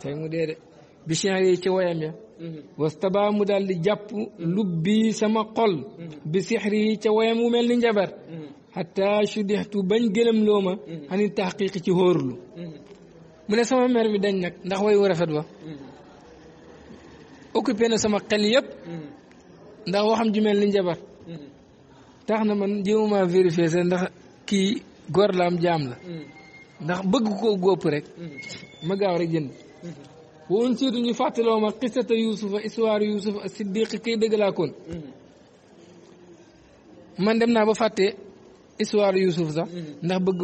tey mu dee de bi yi ci woyam ya wastaba mu dal di jàpp lubbi sama xol bi sixri yi ca woyam wu mel ni njabar xataa sudixtu bañ gëlëm loo ma xani ci hóorlu mu ne sama mer bi dañ nag ndax way wu rafet wa occupé na sama xel yëpp ndax waxam ju mel njabar tax na man jéemuma vérifier sax ndax kii góor la am jaam la ndax bëgg koo gópp rek ma gaaw rek jënd woon siitu ñu fàttaloo ma xisata yuusufa histoire yuusuf ak siddiq kay dëgg man dem naa ba fàtte histoire yuusuf sax ndax bëgg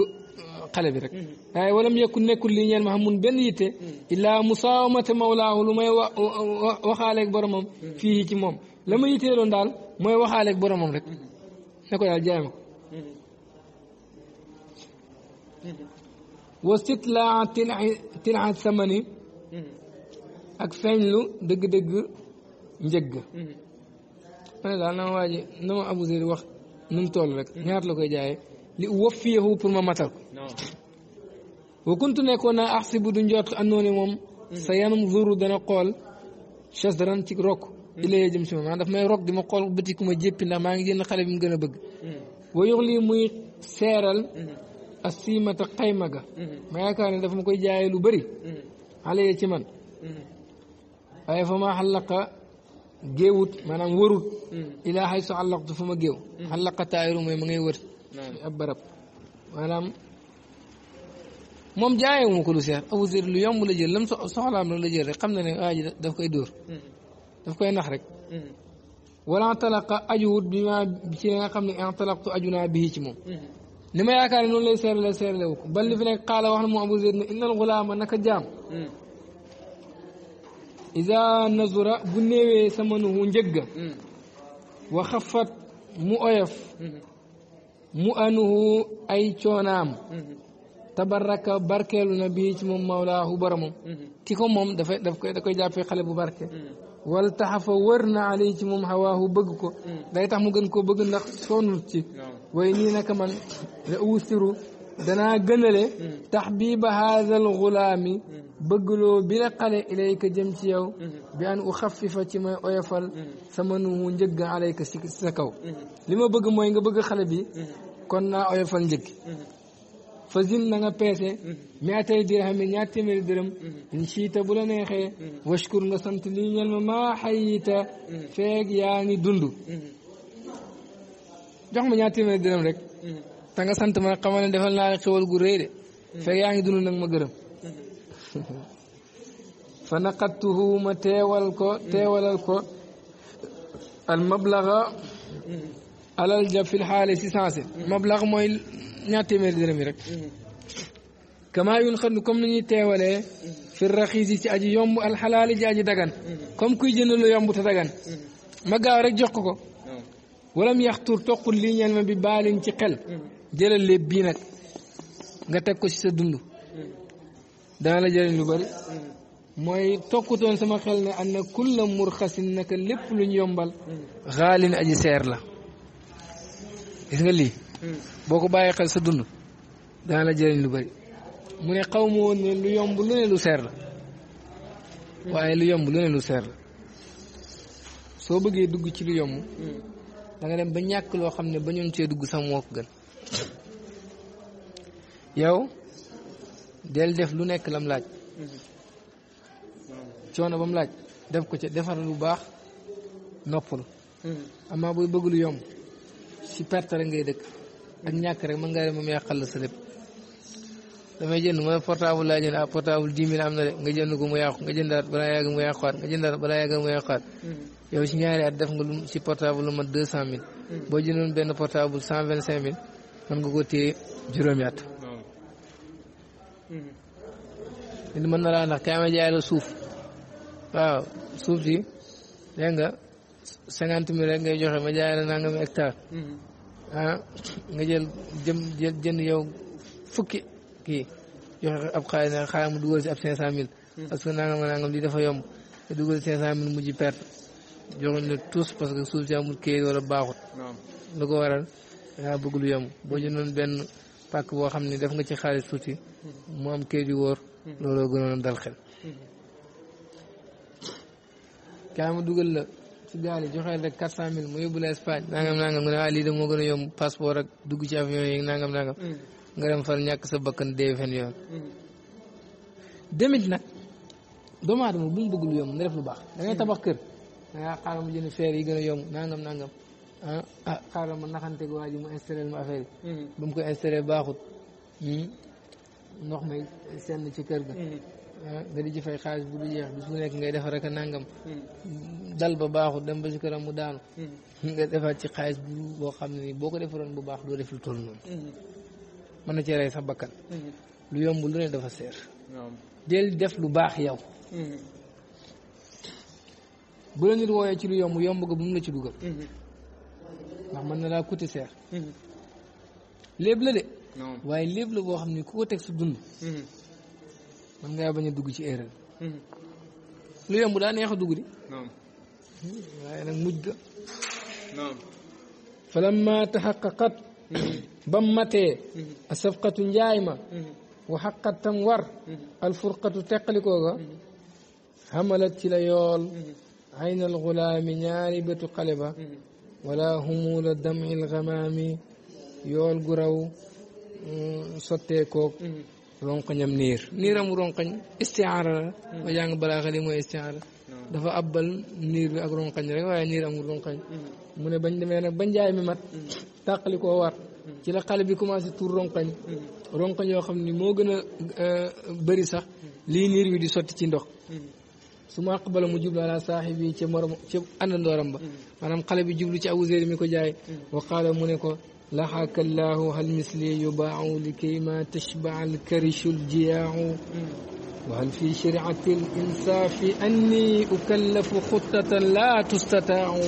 قلب رك ولم يكن كل ين مهمون بنيته إلا مساومة مولاه لما وخالك برمم فيه كمام لما يتيرون دال ما وخالك برمم رك نقول الجامع واستطلاع تلع الثمن أكفين له دق دق نجق أنا لا واجي نما أبو زيد وقت نمتول رك نهار لك جاي li uwaffiyahu pour ma matal ko wa kuntu nekkoon naa axsibu du njort andoo ne moom sa yanum zuru dana xool chas daran ci rokk ilay jëm si ma maanaam daf may rokk di ma xool bëti ku ma jéppi ndax maa ngi jënd xale bi mu gën a bëgg wa yox lii muy seeral asimata xayma ga ma yaakaar ne dafa ma koy jaayee lu bëri xale yi ci man waaye fa ma xallaqa géewut maanaam warut ilaa xay so xallaqtu fa ma géew xallaqa taayiru mooy ma ngay wër ab barab maanaam moom ko lu seer abou Zar lu yomb la jël lam soxlaam la jël rek xam na ne aaji daf koy dóor daf koy nax rek wala talaqa ajuwut bi ci nga xam ne intalaqtu ajuna naa ci mom nima ma yaakaar noonu lay seerle seerle wu ko bal li fi nek xaala wax mo abou Abu Zar ne innal gulaama naka jam iza nazura bu newe sama nuhu njeg wa khaffat mu oyef مؤنه أي تشونام تبرك بركة لنبيك من مولاه برمو تيكم مم دفع دفع دفع دفع خلب بركة والتحف ورنا عليك مم هواه بقكو دايتا مغنكو بقن لك سونوتي وإنينا كمان لأوسرو danaa gëlale hmm. taxbiba haada algulaami hmm. bëggloo bi la xale ilayka jëm ci yow hmm. bi an u xafifa ci may oyofal sama nuhu njëgg alayka si sa kaw li ma bëgg mooy nga bëgg xale bi kon naa oyofal njëgg fa zin na nga peese mi atay dirhami ñaar téeméeri dërëm in siita bu la neexee washkur nga sant lii ñel ma maa xayita feeg yaa ngi dund jox ma ñaar téeméeri dërëm rek da nga sant ma xamal ne defal naa la xéwal gu rëy de fekk yaa ngi dund nag ma gërëm fa naqattuhu ma teewal ko ko al mablaga alal ja fil xaale si sensé mablag mooy ñaar téeméeri dërëm yi rek kama yun xatnu comme ni ñuy teewalee fi raxiis yi ci aji yomb alxalaali ji aji dagan comme kuy jënd lu yomb te dagan ma gaaw rek jox walam yaxtur toqul lii ñeel ma bi baalin ci xel hmm. jëlal léeb bii nag nga teg ko ci sa dund dana la jëriñ lu bari mooy tokkutoon sama xel ne am na kulla murxasin naka lépp ñu yombal xaalin aji seer la gis nga lii boo ko bàyyi xel sa dund dana la jëriñ lu bari mu ne xaw ma woon ne lu yomb lu ne lu seer la waaye lu yomb lu ne lu seer la soo bëggee dugg ci lu yomb hmm. da nga dem ba ñàkk loo xam ne ba ñoon cee dugg sax moo ko gën yow del def lu nekk lam laaj coono ba mu laaj def ko ci defar bu baax noppalu amaa booy bëgg lu yomb si perte rek ngay dëkk ak ñàkk rek mën ngaa dem mu yàqal la sa lépp damay jënd ma portable laa jënd ah portable dix mille am na de nga jënd ko mu yàqu nga jëndaat balaa yàgg mu yàquwaat nga jëndaat balaa yàgg mu yàquwaat yow si ñaari at def nga lu si portable ma mat cent mil hmm. boo jëndoon benn portable cent vingt cinq mille mën nga ko téye juróomi at nit mën na laa ndax kaay ma jaay suuf waaw suuf si dégg nga cinquante rek ngay joxe ma jaay la nangam hectare ah, nga jël jëm jël jënd yow fukki kii joxe ab mu dugal si ab cinq cent mille parce que nangam nangam lii dafa yomb nga dugal si cinq mujj perte joxuñ la tous parce que suuf si amul kayit wala baaxut lu ko waral dangaa bëgg lu yem boo jëndoon benn pàkk boo xam ne def nga ci xaalis tuuti mu am kayit yu wóor looloo gënoon a dal xel kaa ma dugal la ci gaal yi joxeel rek mu yóbbu la Espagne nangam nangam nga ne ah, moo gën a yomb passeport ak dugg ci avion yi nangam nangam nga dem far ñàkk sa bakkan dee demit nag doomu aadama bu mu bëgg lu yomb na def lu baax da tabax kër da ngaa jënd feer yi gën a yomb nangam nangam ah xaaral ma naxanteeg waa ji mu installé ma affaire hmm. ba mu ko installé baaxut. Hmm? ndox may senn ci kër ga. Hmm. nga di ci xaalis bu du jeex bis bu nekk ngay defar ak nangam. dal ba baaxut dem ba ci këram mu daanu. nga defaat ci xaalis boo xam ne boo ko defaroon bu baax doo def lu noonu. mën na cee rey sa bakkan. lu yomb lu ne dafa seer. del def lu baax yow. bu la nit wooyee ci lu yomb yomb ko bu mu la ci dugal. ndax mën na laa coûter cher. léeb la de. waaye léeb la boo xam ne ku ko teg su dund. mën ngaa bañ a dugg ci erreur. lu yomb daa neex a dugg di. waaye nag mujj ga. falamma taxaqaqat. ba matee. asafqatu njaay ma. wa xaqat tam war. alfurqatu teqalikoo ga. xamalat ci la yool. aynal xulaami ñaari bëtu xale ba. wala humula dami lgamaami yool gu raw mm, sottee koog mm-hmm. ronqañam niir niiram ronqañ istiaara la mm-hmm. ma jàng balaa mooy istiaara dafa abbal niir bi ak ronqañ rek waaye niir amul ronqañ mm-hmm. mu ne bañ demee nag ba njaay mi mat tàqali koo war ci la xale bi commencé tuur ronqañ ronqañ yoo xam ni moo gën a euh, bari sax lii niir wi di sotti ci ndox su ma aqbala mu jublu ala saaxibi ca morom ca àndandooram ba maanaam xale bi jublu ci Abu Zeyr mi ko jaay wa qaala mu ne ko laxaaka llaahu hal misli yubaacu li kay ma tashbaa alkarishu ljiyaacu wa hal fi shariati alinsaafi anni ukallafu xutatan laa tustataacu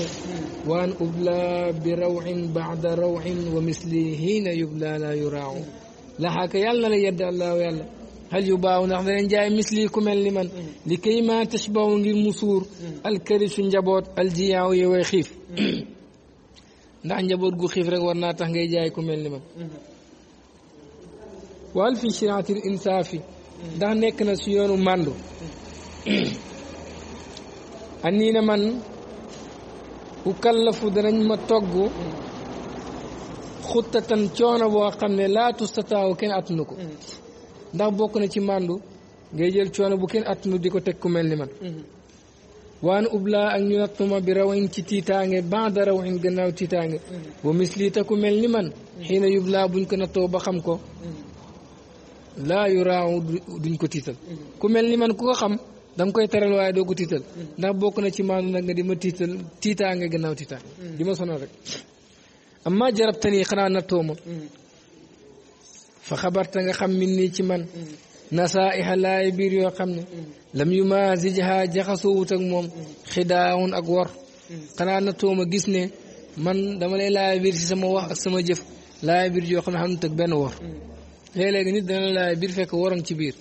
wa an ubla bi rawcin bacda rawcin wa misli hiina yubla laa yuraacu laxaaka yàlla na la yedd allaahu yàlla hal yu baaw ndax danañ jaay misli ku mel ni man li kay ma tashbaw ngir mu suur alkarisu njaboot aljiyaaw ye way xiif ndax njaboot gu xiif rek war naa tax ngay jaay ku mel ni man wal fi shiraatil insaafi ndax nekk na si yoonu màndu anii na man u kallafu danañ ma togg xuttatan coono boo xam ne laa tustataw kenn attunu ko ndax bokk na ci màndu ngay jël coono bu kenn attanu di ko teg ku ni man mhm. waan ublaa ak ñu nattuma bi rawañ ci tiitaange banda rawañ gannaaw tiitaange ba mhm. misli ta ni man mhm. xiina yublaa buñ ko nattoo ba xam ko laa yu raaw duñ ko tiital ku mel ni man ko xam da koy teral waaye doo ko tiital ndax bokk na ci maanu nag di ma tiital tiitaange gannaaw tiitaange di ma sonal rek amma jarab tani xanaa nattoo ma فخبرت خم مني تمن نصائح لا يبير يقمن لم يمازجها جخصو تقموم خداون أقوار قنا نتوما جسنا من دمالي لا يبير سما وح سما جف لا يبير يقمن هم تقبن وار لا نيت دنا لا يبير فيك وارن كبير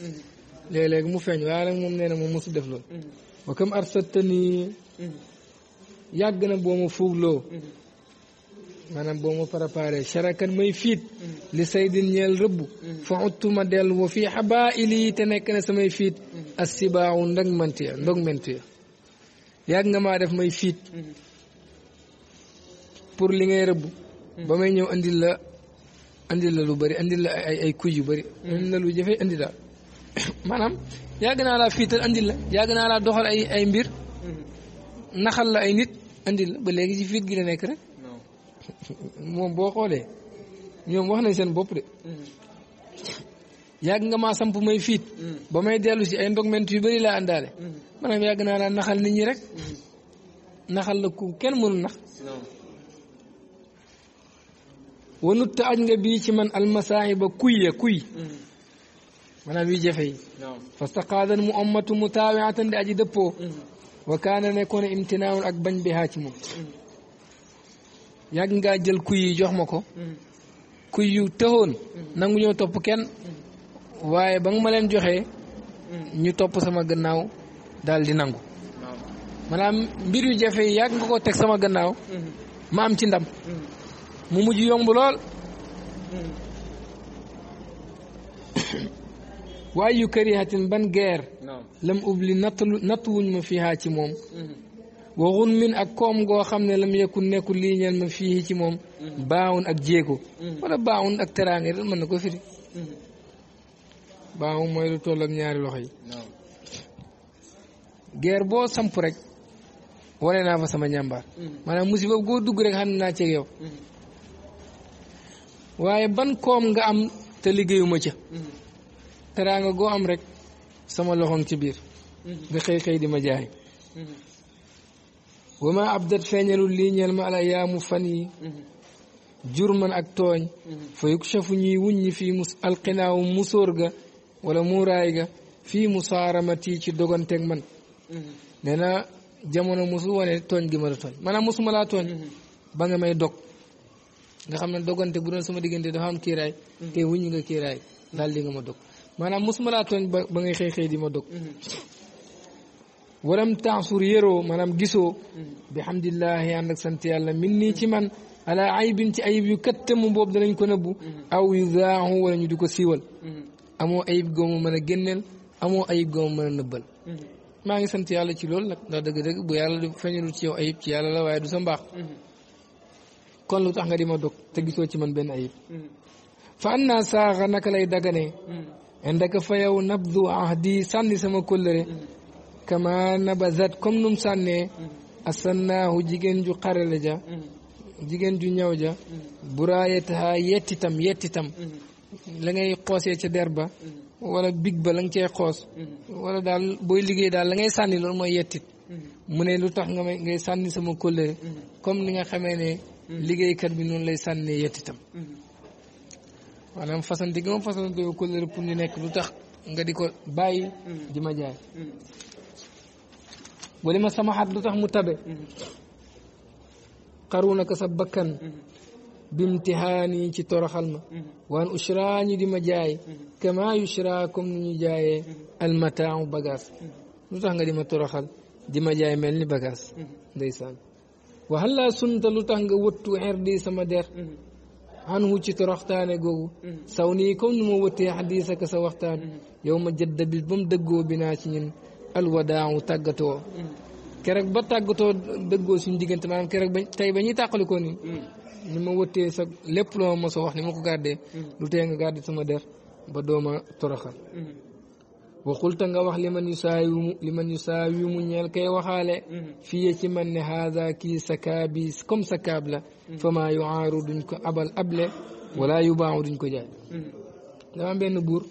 لا لا مو فين وعالم مم نينا مم مصدف وكم أرسلتني يا جنب ومفوق له maanaam boo ma préparé sharakan may fiit li saydin ñeel rëbb fa uttuma dellu wa fii xabaa ili te nekk samay fiit as sibaawu ndog manti ya ndog nga maa def may fiit pour li ngay rëbb ba may ñëw andil la andil la lu bari andil la ay ay kuy yu bëri lu jafe andi daal maanaam yàgg naa laa fiital andil la yàgg naa laa doxal ay ay mbir mm-hmm. naxal la ay nit andil la ba léegi ci fiit gi la nekk rek moom boo xoolee ñoom wax nañ seen bopp de yàgg nga maa samp may fiit mm. ba may dellusi si ay ndogment yu bëri laa àndaale mm. maanaam yàgg naa laa naxal nit ñi rek mm. naxal la ku kenn mënu nax wanut te aj nga bii ci man almasaahi ba kuy ya kuy maanaam yu jafe yi fastaqaadan mu ommatu mu taawiatan di aji dëppoo wa kaana nekkoon imtinaawul ak bañ bi haa yàgg ngaa jël kuy jox ma ko kuy yu nangu ñoo topp kenn waaye ba nga ma leen joxee ñu topp sama gannaaw daal di nangu maanaam mbir yu jafe yi yàgg nga ko teg sama gannaaw ma am ci ndam mu mujj yomb lool waaye yu karihatin ban guerre lam ubli natt nattuwuñ ma fiihaa ci moom mm-hmm. waxun min ak koom goo xam ne lam yëkkul nekku lii ñeen ma fii ci moom mm-hmm. baawun ak jéego mm-hmm. wala baawun ak teraange rek mën na ko firi mm-hmm. baawun mooy lu toll ak ñaari loxo yi geer boo samp rek wane naa fa sama njàmbaar maanaam musiba boo dugg rek xam naa ceeg yow waaye ban koom nga am te liggéeyuma ca teraanga goo am rek sama loxoom ci biir nga xëy xëy di ma jaay wama abdat feeñalul lii ñeel ma ala yaamu fan yi mm-hmm. jur man ak tooñ mm-hmm. fa yukshafu ñuy wuññi fii mus alqinaawu musóor ga wala muuraay ga fii musaaramati ci doganteeg man mm-hmm. nee na jamono mosu wane tooñ gi ma la tooñ maanaam mosuma laa tooñ ba nga dog nga xam ne dogante bu doon sama diggante dafa am kiiraay te wuññi nga kiiraay ma laa tooñ ba ngay xëy xëy di ma dog walam taasur yéroo maanaam gisoo bi hamdillahi ànd ak sant yàlla min ci man ala aybin ci ayib yu kattamu boobu danañ ko nëbbu aw yu zaaxu wala di ko siiwal amoo ayib goomu mën a génneel amoo ayib goomu mën a nëbbal maa ngi sant yàlla ci loolu nag ndax dëgg-dëgg bu yàlla feeñalu ci ayib ci yàlla la waaye du sa mbaax kon lu tax nga di ma dog te gisoo ci man benn ayib fa an naa saaxa naka lay daganee mm. indaka fa yow nabdu ahdi sànni sama kóllëre na ba nabazat comme num sànnee mm-hmm. asannaahu jigéen ju xarale ja mm-hmm. jigéen ju ñaw ja mm-hmm. buraayataha yettitam yettitam la ngay xoosee ca der ba wala big ba la nga cee xoos wala daal booy liggéey daal la ngay sànni loolu mooy yettit mu ne lu tax nga may ngay sànni sama kóllëre comme ni nga xamee ne liggéeykat bi noonu lay sànnee yettitam maanaam fasante gi ma fasante kóllëre pour ñu nekk lu tax nga di ko bàyyi di ma jaay wali ma sama xat lu tax mu tabe xaru naka sa bakkan bimtihaani ci toroxal ma waan ushraa ñu di ma jaay kama yushraa comme ni ñu jaayee almataamu bagage lu tax nga di ma toroxal di ma jaay mel ni bagage ndeysaan waxal laa sunta lu tax nga wëttu xer di sama der xanhu ci toroxtaane googu saw nii comme nu ma wëttee waxtaan yow ma jëdda bis ba binaa ci ñun alwadaawu tàggatoo keroog ba tàggatoo dëggoo suñu diggante maanaam keroog ba tey ba ñuy tàqalikoo nii ni ma wëttee sa lépp loo ma soo wax ni ma ko gàddee lu tee nga gàdde sama der ba dooma toroxal waxulta nga wax li man yu saawimu li man yu saawimu ñeel kay waxaale fii ci man ne haada kii sakaabi comme sakaab la fama yu aaru duñ ko abal able wala yu baaxu duñ ko jaay mm-hmm. dama am benn buur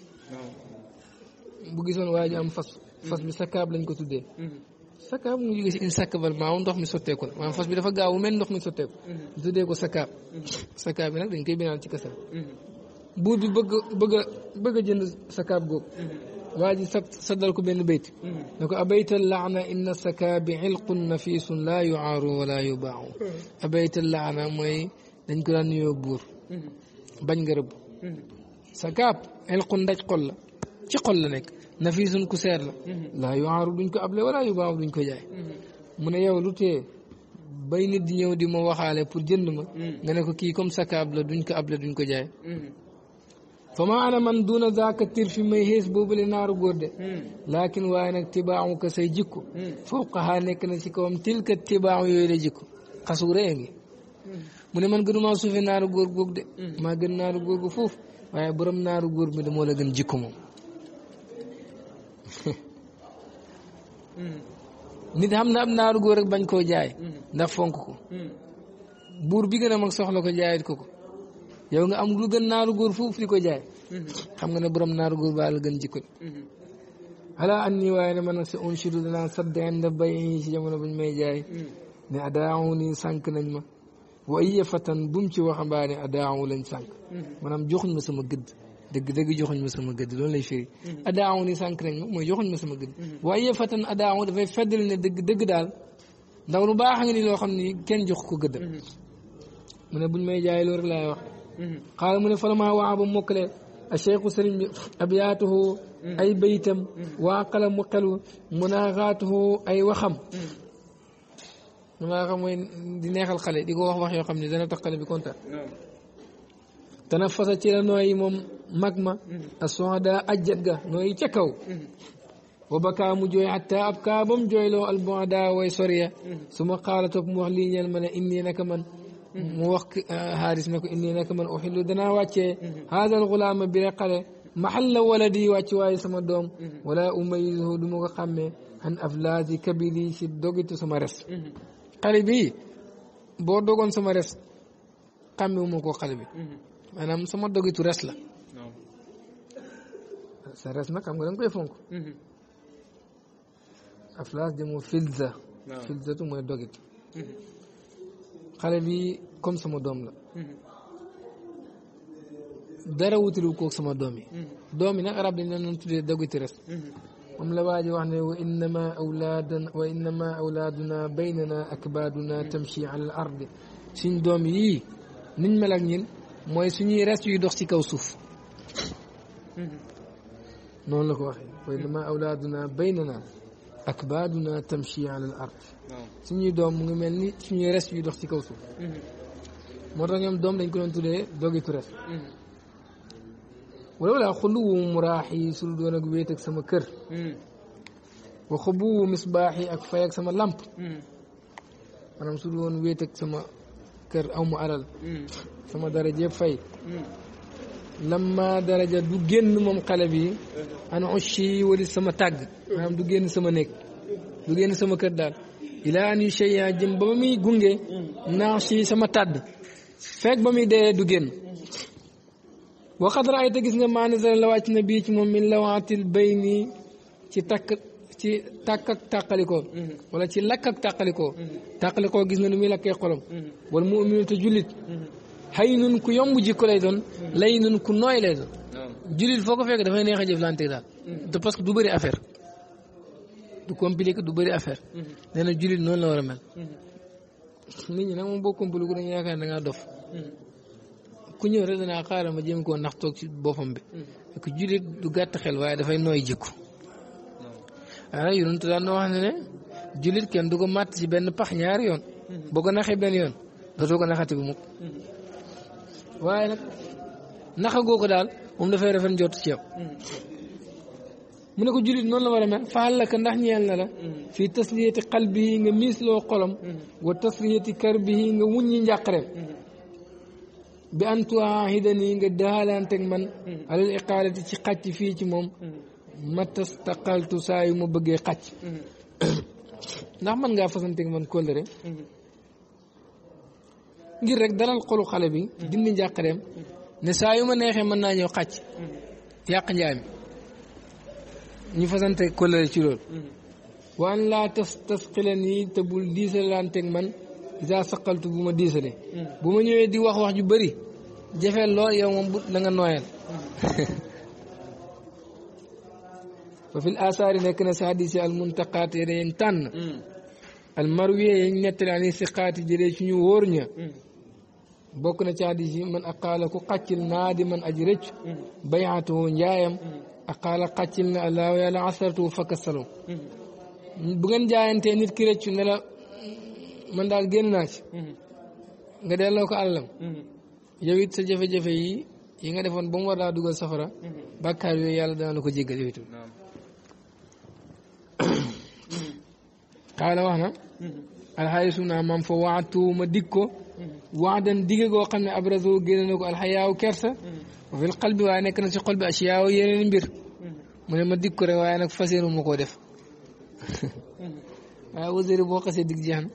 bu gisoon waa am fas fas bi sakkaab lañ ko tuddee sakkaab mu jóge si in sakkabal maaw ndox mi sotteeku na maanaam fas bi dafa gaaw mel ndox mi sotteeku ñu tuddee ko sakkaab sakkaab bi nag dañ koy binaan ci kasal buur bi bëgg bëgg bëgg a jënd sakkaab googu waa ji sa saddal ko benn bayt ne ko abayta laana inna sakaabi ilqun nafisun laa yuaaru wala yubaaxu abayta laana mooy dañ ko daan nuyoo buur bañ nga rëbb sakaab ilqun ndaj xol la ci xol la nekk nafisun ku seer la mm-hmm. laa yuaaru duñ ko able wala yu baax ko jaay mm-hmm. mu yow lu tee bay nit di di ma waxaale pour jënd ma mm-hmm. nga ne ko kii comme sakaab la duñ ko able duñ ko jaay fa ma ana man duna zaaka tir fi may xees boobule naaru góor de laakin waaye nag tibaaxu ka say jikko fawqahaa nekk na ci kawam tilka tibaaxu yooyu la jikko xasu rëy ngi mu ne man gënumaa suufe naaru góor góog de maa gën naaru góor gu foofu waaye borom naaru góor bi de moo la gën jikko moom nit xam na am naaru góor rek bañ koo jaay ndax fonk ko buur bi gën a mag soxla ko jaayit ko ko yow nga am lu gën naaru góor foofu di ko jaay xam nga ne borom naaru góor baa la gën jikko ala an nii waaye ne man nag sa unshidu danaa sadd inda bayi ci jamono buñ may jaay ne adaawu nii sànq nañ ma wa iya fatan bu ci waxambaane adaawu lañ sànq maanaam joxuñ ma sama gëdd dëgg-dëgg joxuñ ma sama gëdd loolu lay firi adaaw ni sànq nañ ma mooy joxuñ ma sama gëdd waaye fatan adaaw dafay feddal ne dëgg dëgg daal ndaw lu baax nga ni loo xam ni kenn jox ko gëdd mu ne buñ may jaay loolu rek laay wax xaala mu ne falamaa waa ba mokkale a cheikhu sëriñ bi abiyaatuhu ay baytam waa qala mu xelu munaaxaatuhu ay waxam munaaxa mooy di neexal xale di ko wax wax yoo xam ne dana tax xale bi kontaan tanafasa ci la nooyi moom magma ma asooda ajjat ga nooy ca kaw wa bakaa mu jooy xatta ab kaa ba mu jooyloo alboada way soriya su ma xaala mu wax lii ñeel ma ne innii man mu wax xaaris ne ko innii naka man uxillu danaa wàccee haada alxulaama bi rek xale waladi wàcc waaye sama doom wala umayisuhu du ma ko xàmmee xan aflaasi kabidi si dogitu sama res xale bi boo dogoon sama res xàmmewuma koo xale bi maanaam sama dogitu res la سرس ما كان قلنا قريفون كو أفلاس دي مو فلزة نعم. فلزة تو مو يدوغيت خالبي كم سمو دوم لا دارا وتلو كوك سمو دومي دومي نقرا بلنا ننتبه دوغيت رس أم لواجه وعنا وإنما أولادنا وإنما أولادنا بيننا أكبادنا تمشي على الأرض سين دومي نين ملاقين موي سيني رس يدوخ سيكا وصوف نقول لك واحد وإنما أولادنا بيننا أكبادنا تمشي على الأرض نعم. سني دوم مملني سني رس في دوختي كوسو مرة يوم دوم لين كنا تري دوغي ترس ولو لا خلو مراحي سلدو قبيتك سمكر وخبو مصباحي أكفاك سما لامب أنا مسلون ويتك سما كر أو معرل سما درجة فاي lamma daraja du génn moom xale bi an ushi wali sama tàgg maanaam du génn sama nekk du génn sama kër daal ilaa an yu cheya ba ba muy gunge naax si sama tàdd fekk ba muy dee du génn waxat raay te gis nga na bii ci moom min lawaatil bay nii ci takk ci tàkk ak ci lakk ak tàqalikoo tàqalikoo nu muy lakkee xolom mm-hmm. wala mu uminu jullit mm-hmm. xëy nun ku yomb jikko lay doon lay nun ku nooy lay doon jullit foo ko fekk dafay neex a jëflante daal mm. te parce que du bëri affaire du compliqué du bëri affaire mm-hmm. nee na jullit noonu la war a mel mm-hmm. nit ñi nag moom boo mm-hmm. ku ñëw rek danaa xaaral ma jéem koo nax toog ci boppam bi ku jullit du gàtt xel waaye dafay nooy jikko waaye yonent daan na wax ne ne jullit kenn du ko màtt ci benn pax ñaari yoon boo ko naxee benn yoon dootoo ko naxati bu mukk waaye nag naxagoo ko daal moom dafay rafet njort ci yow. Hmm. mu ne ko jullit noonu la war a mel faxal la ka ndax ñeel na la hmm. fii tasliyati qalbihi nga miisloo xolam hmm. wa tasliyati karbihi nga wuññi njàqareem bi an tuahidani nga daalanteg man alal iqaalati ci xàcc fii ci moom ma tastaqaltu saa yu ma bëggee xàcc ndax man ngaa fasanteeg man kóllëre ngir rek dalal xolu xale bi dindi njàqareem ne saa yu ma neexee mën naa ñëw xàcc yàq njaay mi ñu fasante kolëre ci loolu waan laa tas tasqilan yi te bul diisale laan teg man ma diisale bu ma ñëwee di wax wax ju bëri yow moom bu la nga nooyal fa fil asaari nekk na si hadis yi al muntaqaat yi dañ tànn mm. al marwiya yañ nettali ani siqaati jëlee ci ñu wóor ña mm. bokk na ci hadis yi man ku xàccil naa di man aji rëcc bayaatuhu njaayam aqaala xàccil na allahu yàlla asartuhu fakasalo bu ngeen jaayantee nit ki rëccu ne man daal génn naa ci nga delloo ko àllam yow sa jafe-jafe yi yi nga defoon ba mu war daa dugal safara bàkkaar yooyu yàlla dana la ko jéggal yow itam wax na alxaalisu naa maam fa waatuhu ma dik وعدا ديغا غو خا مني ابرزو غينانوكو الحياة كيرتا وفي القلب واي نيك نا سي قلب اشياء يينين مبير مني ما ديكو ري واي نك فاسيرو موكو ديف واي آه، وزير بو خاسي ديك جيهان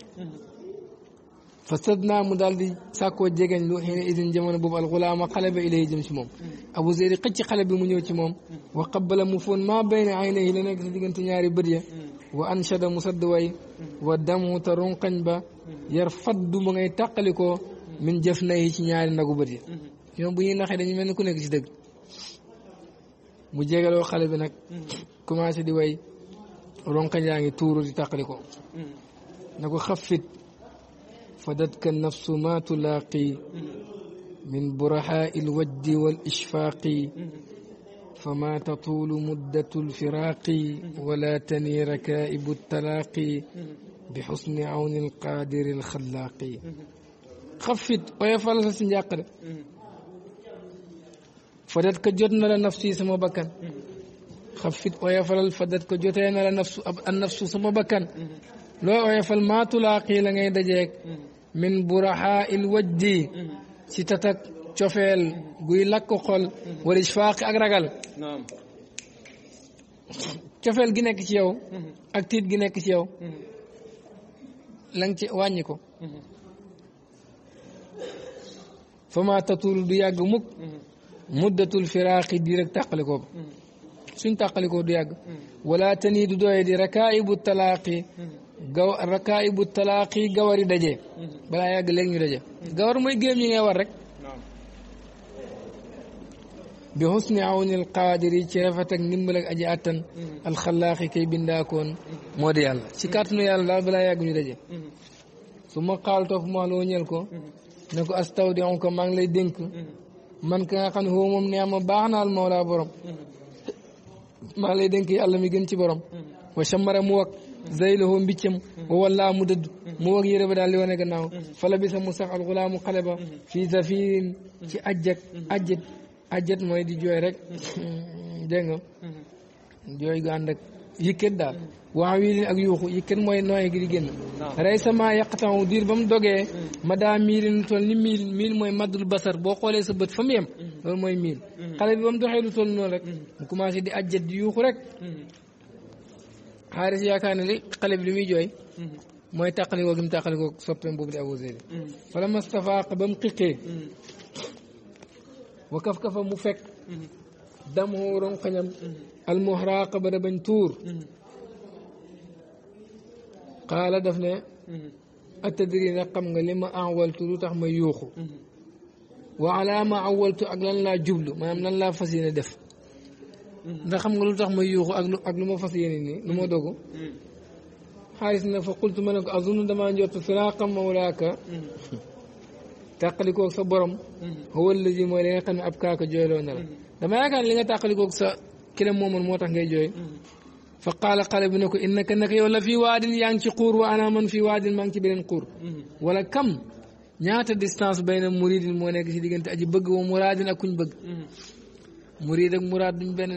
فسدنا مودال دي ساكو جيغن لو حين اذن جمان بوب الغلام قلب اليه جمش موم ابو زير قتي خلبي مو نيو وقبل مفون ما بين عينيه لنك ديغنت نياري بريا وانشد مسد ودمو ترون قنبا يرفض من يتقلكو من جفنه شي نياري يوم بني نخي داني ملني كو نيك سي دغ مو جيغالو خالي بي نك كوماسي دي واي رونكا جاغي يعني تورو دي تقلكو نغو خفت فدتك النفس ما تلاقي من برهاء الود والاشفاق فما تطول مدة الفراق ولا تني ركائب التلاقي بحسن عون القادر الخلاق خفت ويا فلس سنجاقر فدت كجدنا لنفسي سمو بكان خفت ويا فلس فدت كجدنا لنفس النفس سما بكن لا ويا فل ما تلاقي لعين دجاج من برحاء الوجه ستتك cofeel guy lakk xol wala ishfaaq ak cofeel gi nekk ci yow mhm. ak tiit gi nekk ci yow mhm. la ci wàññi ko mhm. fa du yàgg mukk muddatul firaaqi di rek tàqalikoo ba suñ tàqalikoo du yàgg wala tanii du doye di rakaibu gawari daje balaa yàgg léegi ñu daje gawar mooy géem war rek بحسن عون القادر شرفتك نملك أجاتن الخلاق كي بنداكون مودي الله شكاتنا يا الله بلا يا غني رجع ثم قال توف مالو نيلكو نكو استودعك ما لي دينك من كان خن هو مم نيام باخنا المولى بروم ما لي دينك يا الله مي گن سي بروم وشمر موك زيله بيچم ولا مدد موك يربا دال لي وني گناو فلبس مسح الغلام قلبا في زفين في اجك اجد ajjat mooy di jooy rek mm-hmm. dégg nga mm-hmm. jooy gu ànd ak daal mm-hmm. waaw yi ak yuuxu yëkkat mooy nooy gi di génn rey sama yàqatan diir ba mu dogee mm. ma daa miilin toll ni miil miil mooy maddul basar boo xoolee sa bët fa mu yem loolu mooy miil xale bi ba mu doxee lu toll noonu rek mu commencé di ajjat di yuuxu rek xaaris yaakaar ne li xale bi li muy jooy mooy tàqalikoo gi mu tàqalikoo soppeem boobu di aboseli wala mastapha ba mu xiqee wa kaf kafa mu fekk mhm. damoo ronqañam almuhraqa ba da tuur xaala mhm. daf ne mhm. attadri nag xam nga li ma awaltu lu tax ma yuuxu wa ala ma awaltu ak lan laa jublu maanaam lan laa fas yéene def ndax xam nga lu tax ma yuuxu ak lu ma fas yéene nii lu ma dogu xaalis na fa qultu ma ne ko azunu damaa njott firaaqa mawlaaka تقلقوا صبرم هو الذي مليق أبكاك جويلون لما يكن لنا تقلقوا سا كلام مومن موتا جوي فقال قال ابنك إنك إنك ولا في واد يانكي قور وأنا من في واد من كبرين قور ولا كم نيات الدستانس بين المريد المونيك سيدي كنت أجي بق ومراد أكون بق مريد مراد بين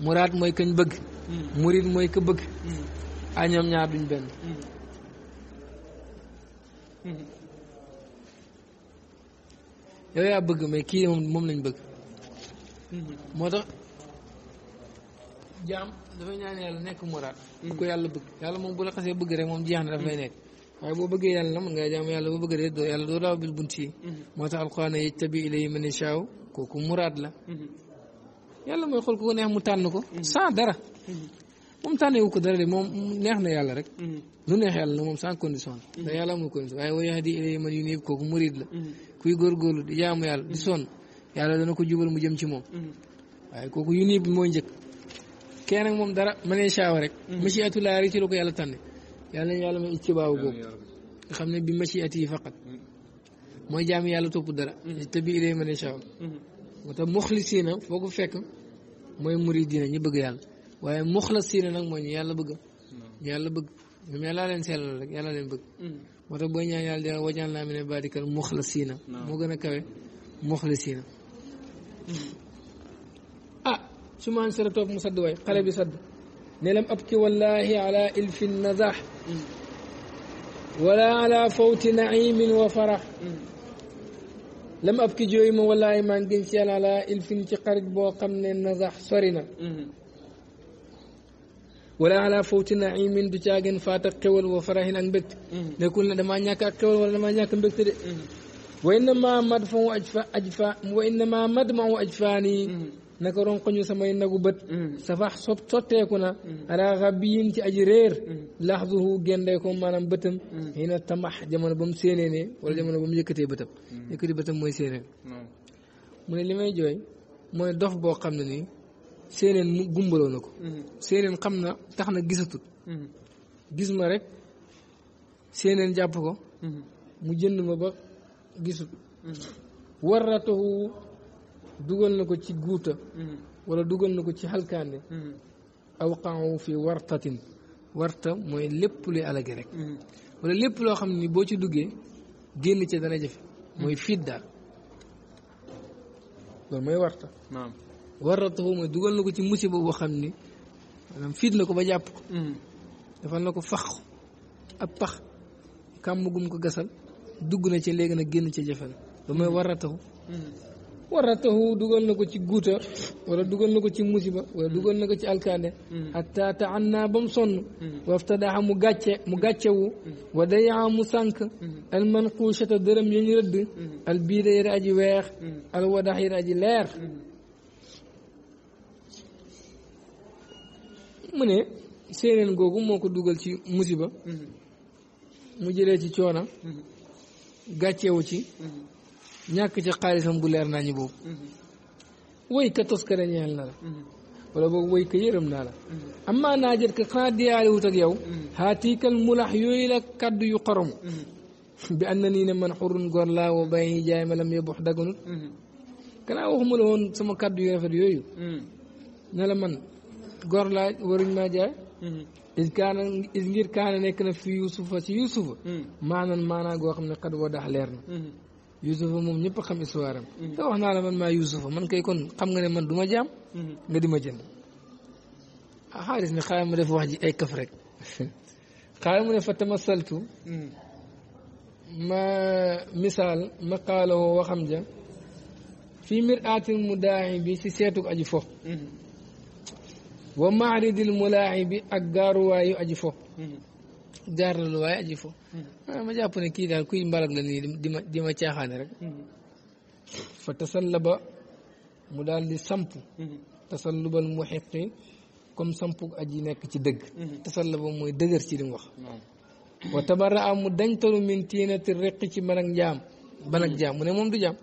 مراد مويكن بق مريد مويك بق أنا من بين Mm-hmm. yow yaa bëgg mais kii moom lañ bëgg mm-hmm. moo tax jaam dafay ñaan yàlla nekk muraad bu ko mm-hmm. yàlla bëgg yàlla moom bu la xasee bëgg rek moom jeex na dafay nekk waaye boo bëggee yàlla la mën ngaa jaam yàlla boo bëggee doo yàlla doo daaw bunt yi moo tax alquran ne yajtabi ilayhi man yashaa kooku muraad la yàlla mooy xool ku ko neex mu tànn ko sans dara moom tànnewu ko dara de moom neex na yàlla rek mm-hmm. lu neex yàlla na moom sans condition la mm-hmm. ndax yàlla amul condition waaye way hadi ilayhi man yunib kooku murid la mm-hmm. kuy góorgóorlu di jaamu yàlla di sonn yàlla dana ko jubal mu jëm ci moom waaye kooku yunib mooy njëkk kee moom dara ma ne shaawa rek machiatu laa rek ci la ko yàlla tànne yàlla nañu yàlla may ittibaawu boobu nga xam ne bi machiati yi faqat mooy jaamu yàlla topp dara te bi ilayhi moo tax muxlisiina foo ko fekk mooy murid dina ñu bëgg yàlla waaye muxlasiina nag mooy ñu yàlla bëgg ñu yàlla bëgg ñoom yàlla leen sellal rek yàlla leen bëgg moo tax booy ñaan yàlla di wajaan laa mi ne baadikal muxlasiina moo gën a kawe muxlisiina ah su maan sara toog mu sadd waay xale bi sadd ne lam abki wallahi ala ilfi nazax wala ala fawti naimin wa farax lam abki jooyu ma wallahi maa ngi gën ci ala ilfin ci xarit boo xam ne nazax sori na ولا على فوت نعيم من دجاجن فاتق قول وفرهن انبت نقول لما نياك قول ولا ما نياك انبت وانما مدفوع اجفا اجفا وانما مدمع اجفاني نكرون قنيو سماي نغوبت صباح صوت صوتيكونا على غبيين تي اجرير لحظه غنديكم مانام بتم هنا تمح جمن بوم سينيني ولا جمن بوم يكتي بتم يكتي بتم موي سينه نعم. من لي جوي موي دوف بو خامني séeréer mu gumbaloo na ko mhm. séeréer xam na tax na gisatu mhm. gis ma rek séeréer jàpp ko mhm. mu jënd ma ba gisut warratahu dugal na ko ci guuta wala dugal na ko ci xalkaande aw qaawu fi wartatin warta mooy lépp luy alage rek wala lépp loo xam ni boo ci duggee génn ci dana jafe mooy fiit daal loolu mooy warta warratahu mooy dugal na ko ci musiba boo xam ni maanaam fiit na ko ba jàpp ko mm. defal na ko fax ab pax kàmm gum ko gasal dugg na ci léegi nag génn ci jafe la ba mooy warratahu mm. warratahu mm. dugal na ko ci guuta wala dugal na ko ci musiba wala dugal na ko ci alkaande hatta taanna ba mu sonn mu gàcce mu gàccewu wa dayaa mu sànq almanquushata dërëm yañ rëdd albiida yëre aji alwadax yëre aji mu ne séenéen googu moo ko dugal ci musiba mu jëlee ci coona gàccewu ci ñàkk ci xaalisam bu leer nañu boobu woy ka toskare ñeel na la wala boog woy ka yërëm naa la amma naa jët ka xanaa diyaari wut ak yow xaatiikal mulax yooyu la kaddu yu xorom bi an na nii ne man xurun gor laa wa bàyyi jaay ma lam yebox daganut kanaa waxuma la woon sama kaddu yu rafet yooyu hmm. ne la man غور لا ورن ما جاء كان اذ كان في يوسف في يوسف معنى معنى غو خن قد وضح ليرنا يوسف موم نيب خم اسوارم تا وخنا لا من ما يوسف من كاي كون خم غني من دوما جام نغي ديما جين حارس ني خايم ديف واحد اي كف رك خايم ني فتمثلت ما مثال ما قاله وخم جا في مرآة wa maaridil mulaaxibi ak gaaruwaayu aji fo gaarluwaayu aji fo ma jàpp ne kii daal kuy mbalag la nii di ma di ma caaxaane rek fa tasallaba mu daal di samp tasallubal muxiqi comme sampu aji nekk ci dëgg tasallaba mooy dëgër ci li mu wax wa tabara am mu dañtalu min tiinati riq ci ban ak njaam ban ak jaam mu ne moom du jaam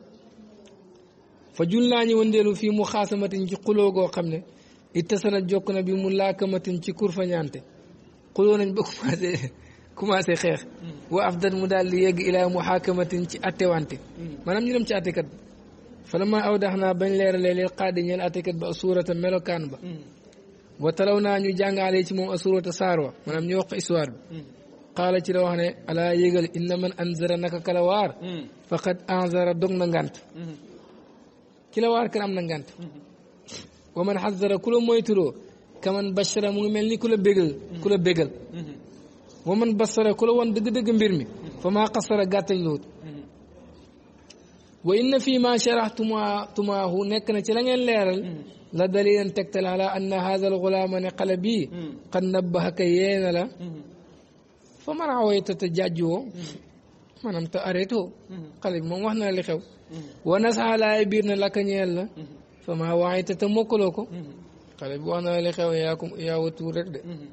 fa jul naa ñu wëndeelu fii mu xaasamatin ci xuloo goo xam ne itte sanat jokk na bi mu laakamatin ci kurfañante xuloo nañ ba commencé commencé xeex wa afdat mu daal di yegg ilaa muhaakamatin ci attewante maanaam ñu dem ci attekat bi falamma aw dax naa bañ leeralee lil qaadi ñeel attekat ba suurata melokaan ba wa talaw naa ñu jàngaale ci moom asurata saar wa maanaam ñu wax histoire bi qaala ci la wax ne alaa yëgal inna man anzara naka kala waar mm. faqad anzara dog na ngant ki mm-hmm. la waar kan am na ngant mm-hmm. ومن حذر كل مويترو كمن بشر مملني كل بغل كل بغل ومن بصر كل وان دغ دغ ميرمي فما قصر غاتنوت وان في ما شرحتما تما هو نكنا سي لاغي ليرال لا دليل تكتل على ان هذا الغلام نقل بي قد نبهك يينلا فما رويت تجاجو منم تاريتو قال مو وخنا لي خيو ونسى لا يبيرنا لك fama waaye te te mokkaloo ko mm-hmm. xale bi wax na li xew yaa ko yaa watuur rek de mm-hmm.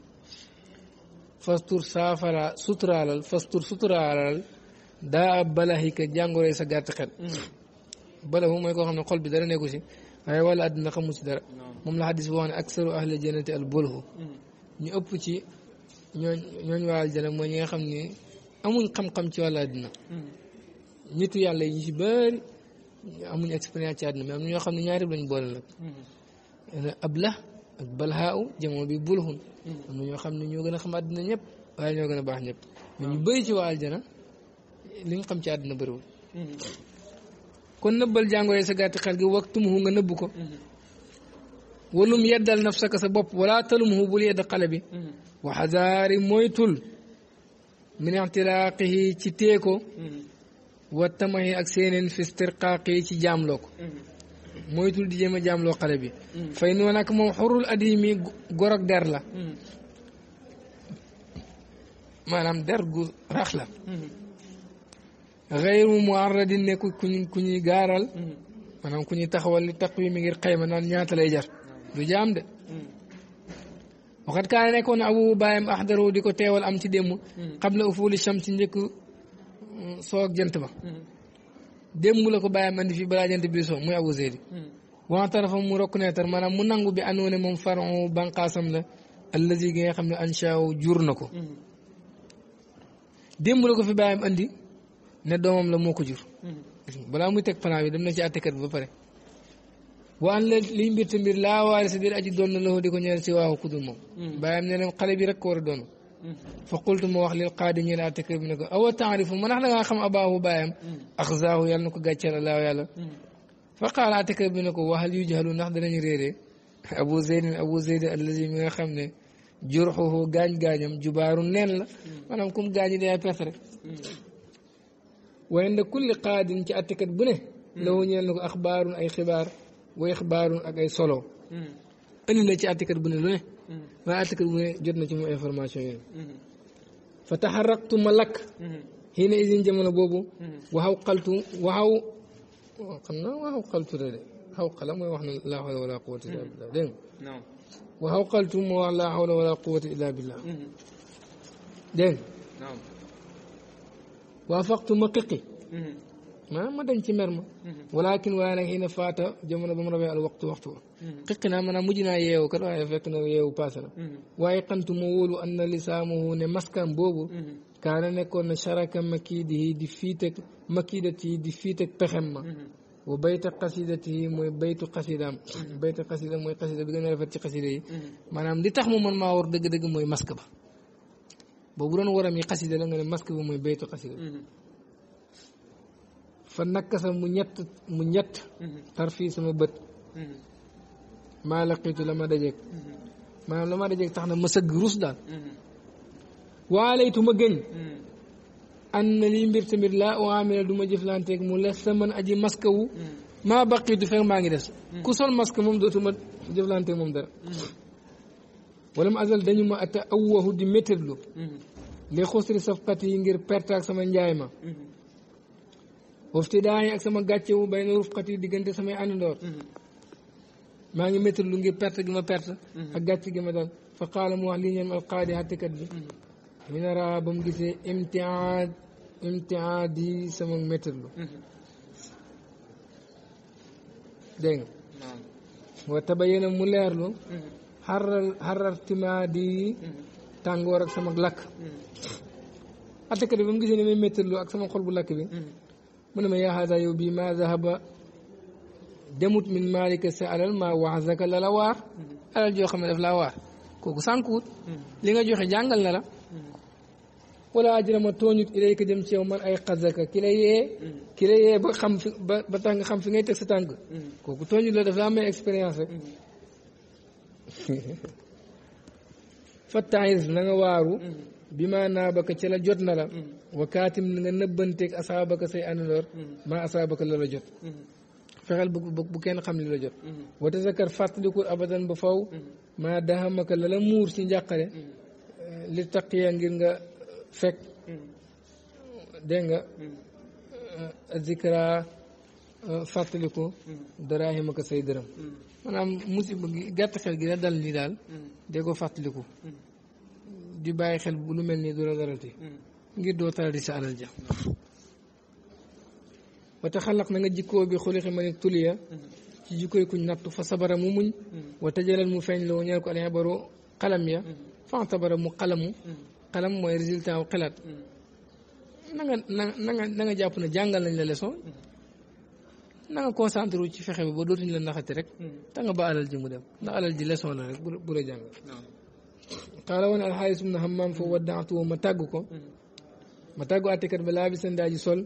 fastur saafara suturaalal fastur suturaalal daa ab balaxi ka jàngoroy sa gàtt xel mm-hmm. balahu mooy koo xam ne xol bi dara nekku si waaye wala àddina xamu si dara moom la xadis bi wax ne aksaru ahli jannati al bulhu ñu ëpp ci ñooñ ñooñ waa aljana mooy ñi nga xam ne amuñ xam-xam ci wàllu àddina nitu yàlla yi ci bëri amuñ expérience ci àdduna mais am na ñoo xam ne ñaari lañ boole nag mm-hmm. ab la ak balhaaw jamono bi bulhun mm-hmm. am na ñoo xam ne ñoo gën a xam àdduna ñëpp waaye ñoo gën a baax ñëpp mais mm-hmm. ñu bëri ci waa aljana li nga xam ci àdduna bëriwul kon nëbbal jàngoro sa gàtti xel gi waxtumuhu nga nëbb ko walum yeddal nafsaka sa bopp wala talumuhu bul yedd xale bi moytul min ixtiraaqihi ci teeko wattamahi ak seenen fi istirqaqi ci jamlo ko mm-hmm. moytul di jema jamlo xale bi mm-hmm. fay nu nak mom hurul adimi gorok der la manam mm-hmm. der gu rax la غير معرض نكو كوني كوني غارال مانام كوني تخوال لي تقويم غير خيمه نان نياتا لاي جار دو جام دي وقد كان نيكون ابو بايم احضروا ديكو تيوال ام تي ديمو قبل افول الشمس نيكو soo ak jant ba démb la ko bàyyi man di fii balaa jant bi soo muy Abu Zeydi waxtaan fa mu reconnaître a mu nangu bi andoona moom faron banqaasam la allazi gi nga xam ne anshaaw jur na ko démb la ko fi bàyyam andi ne doomam la moo ko jur balaa muy teg plan bi dem na ci àttekat bi ba pare waan la liy mbir mbir laa waari sa biir aji doon na loxo di ko ñeel si waaw ku moom mm. bàyyam ne xale bi rek ko war a doon فقلت موخ للقاضي نيلا تكريم نكو او تعرف من احنا خم اباه بايم اخزاه يال نكو غاتشال لا يال فقال تكريم نكو وهل يجهل نحن دنا ريري ابو زيد ابو زيد الذي ما خمن جرحه غان غانم جبار نين لا مانام كوم غاني دي بيسر وين كل قاد انت اتكت بنه لو نيل نكو اخبار اي خبار واخبار اك اي سولو اني لا تي اتكت بنه waaye article mu ne jot na ci mu information yooyu fa taxaraqtu ma lakk xii na isin jamono boobu waxaw xaltu waxaw xam naa waxaw xaltu la de xaw xala mooy wax na laa xawla wala quwata illa billah dégg nga waxaw xaltu ma wax laa xawla wala quwata illa billah dégg nga waa faqtu ma qiqi ah ma dañ ci mer ma. Mm-hmm. walakin waaye nag faata jamono ba mu rabee al waxtu waxtu wa. xiq mm-hmm. naa maanaam mujj naa yeewu kat waaye fekk na yeewu paase la. Mm-hmm. waaye xantu ma wóolu an na lisaamuhu ne maskan boobu. kaana nekkoon na charaka makiidihi di fiiteeg makiidati di fiiteeg pexem ma. wa bayta xasidatihi mooy baytu xasidaam bayta xasida mooy xasida bi gën a rafet ci xasida yi maanaam li tax mu mën ma war dëgg-dëgg mooy mask ba boobu doon waram yi xasida la nga ne mask ba mooy baytu xasida fa nakasa mu ñett mu ñett tar fii sama bët maa laqitu la ma dajeeg maanaam la ma dajeeg tax na ma sëgg rus daal waalaytu ma gëñ an na lii mbir tamit laa o amila du ma jëflanteeg mu les sa mën aji masque wu maa baqitu fekk maa ngi des ku sol masque moom dootuma jëflanteeg moom dara wala ma azal dañu ma ata awwahu di méttirlu li xusri safkat yi ngir perte ak sama njaay ma wafti daani ak sama gàcce wu bay na rufqat diggante samay àndandoor mm-hmm. maa ngi méttar lu ngir perte gi ma perte mm-hmm. ak gàcce gi ma dal fa qaala mu wax lii ñoom alqaadi mm-hmm. mu gisee imtiaad imtiaad yi sama tàngoor ak sama lakk àttekat bi ba mu gisee ne may méttar lu ak sama xol bu lakk bi من ما هذا يبي ما ذهب دمت من مالك سأل الماء وعزك لا لوار على الجوخ من الفلاوار كوك سانكوت لين الجوخ جانجل لا ولا أجر ما تونيت إليك دم شيء ومن أي قذك كلاية كلاية بخم بتان خم فيني تكستانك كوك تونيت لا تفهم من إكسبرينس فتايز نعوارو بما نابك تلا جدنا لا wakaatim na nga nëbbanteeg asaabaka say analoor mm-hmm. maa asaabaka la la jot mm-hmm. fexeel bu bu kenn xam li la jot mm-hmm. wa tazakar fàttalikul abadan ba faw maa dahamaka la la muur si njàqare li taqiya ngir nga fekk dégg nga zikra euh, fàttaliku daraahimaka say dërëm maanaam musiba gi gàtt xel gi la dal ni daal dee ko fàttaliku di bàyyi xel bu lu mel nii du la darati ngir doo taradi sa alal ja wata xalaq na nga jikkoo bi xulixi ma ne tuliya ci jikkooy kuñ natt fa sabara mu muñ wa tajalal mu feeñ la ñeel ko alxebaru xalam ya mu xalamu xalam mooy résultat wu xelaat na nga na nga jàngal nañ la leçon na nga concentré wu ci fexe bi ba dootuñ la naxati rek ta nga ba alal ji mu dem ndax alal ji leçon la rek bu la jàngal qaala woon alxaaris ibn hammaam fa waddaatuhu ma tàgg ko ma tàggu àttekat ba laa bi seen daaji sol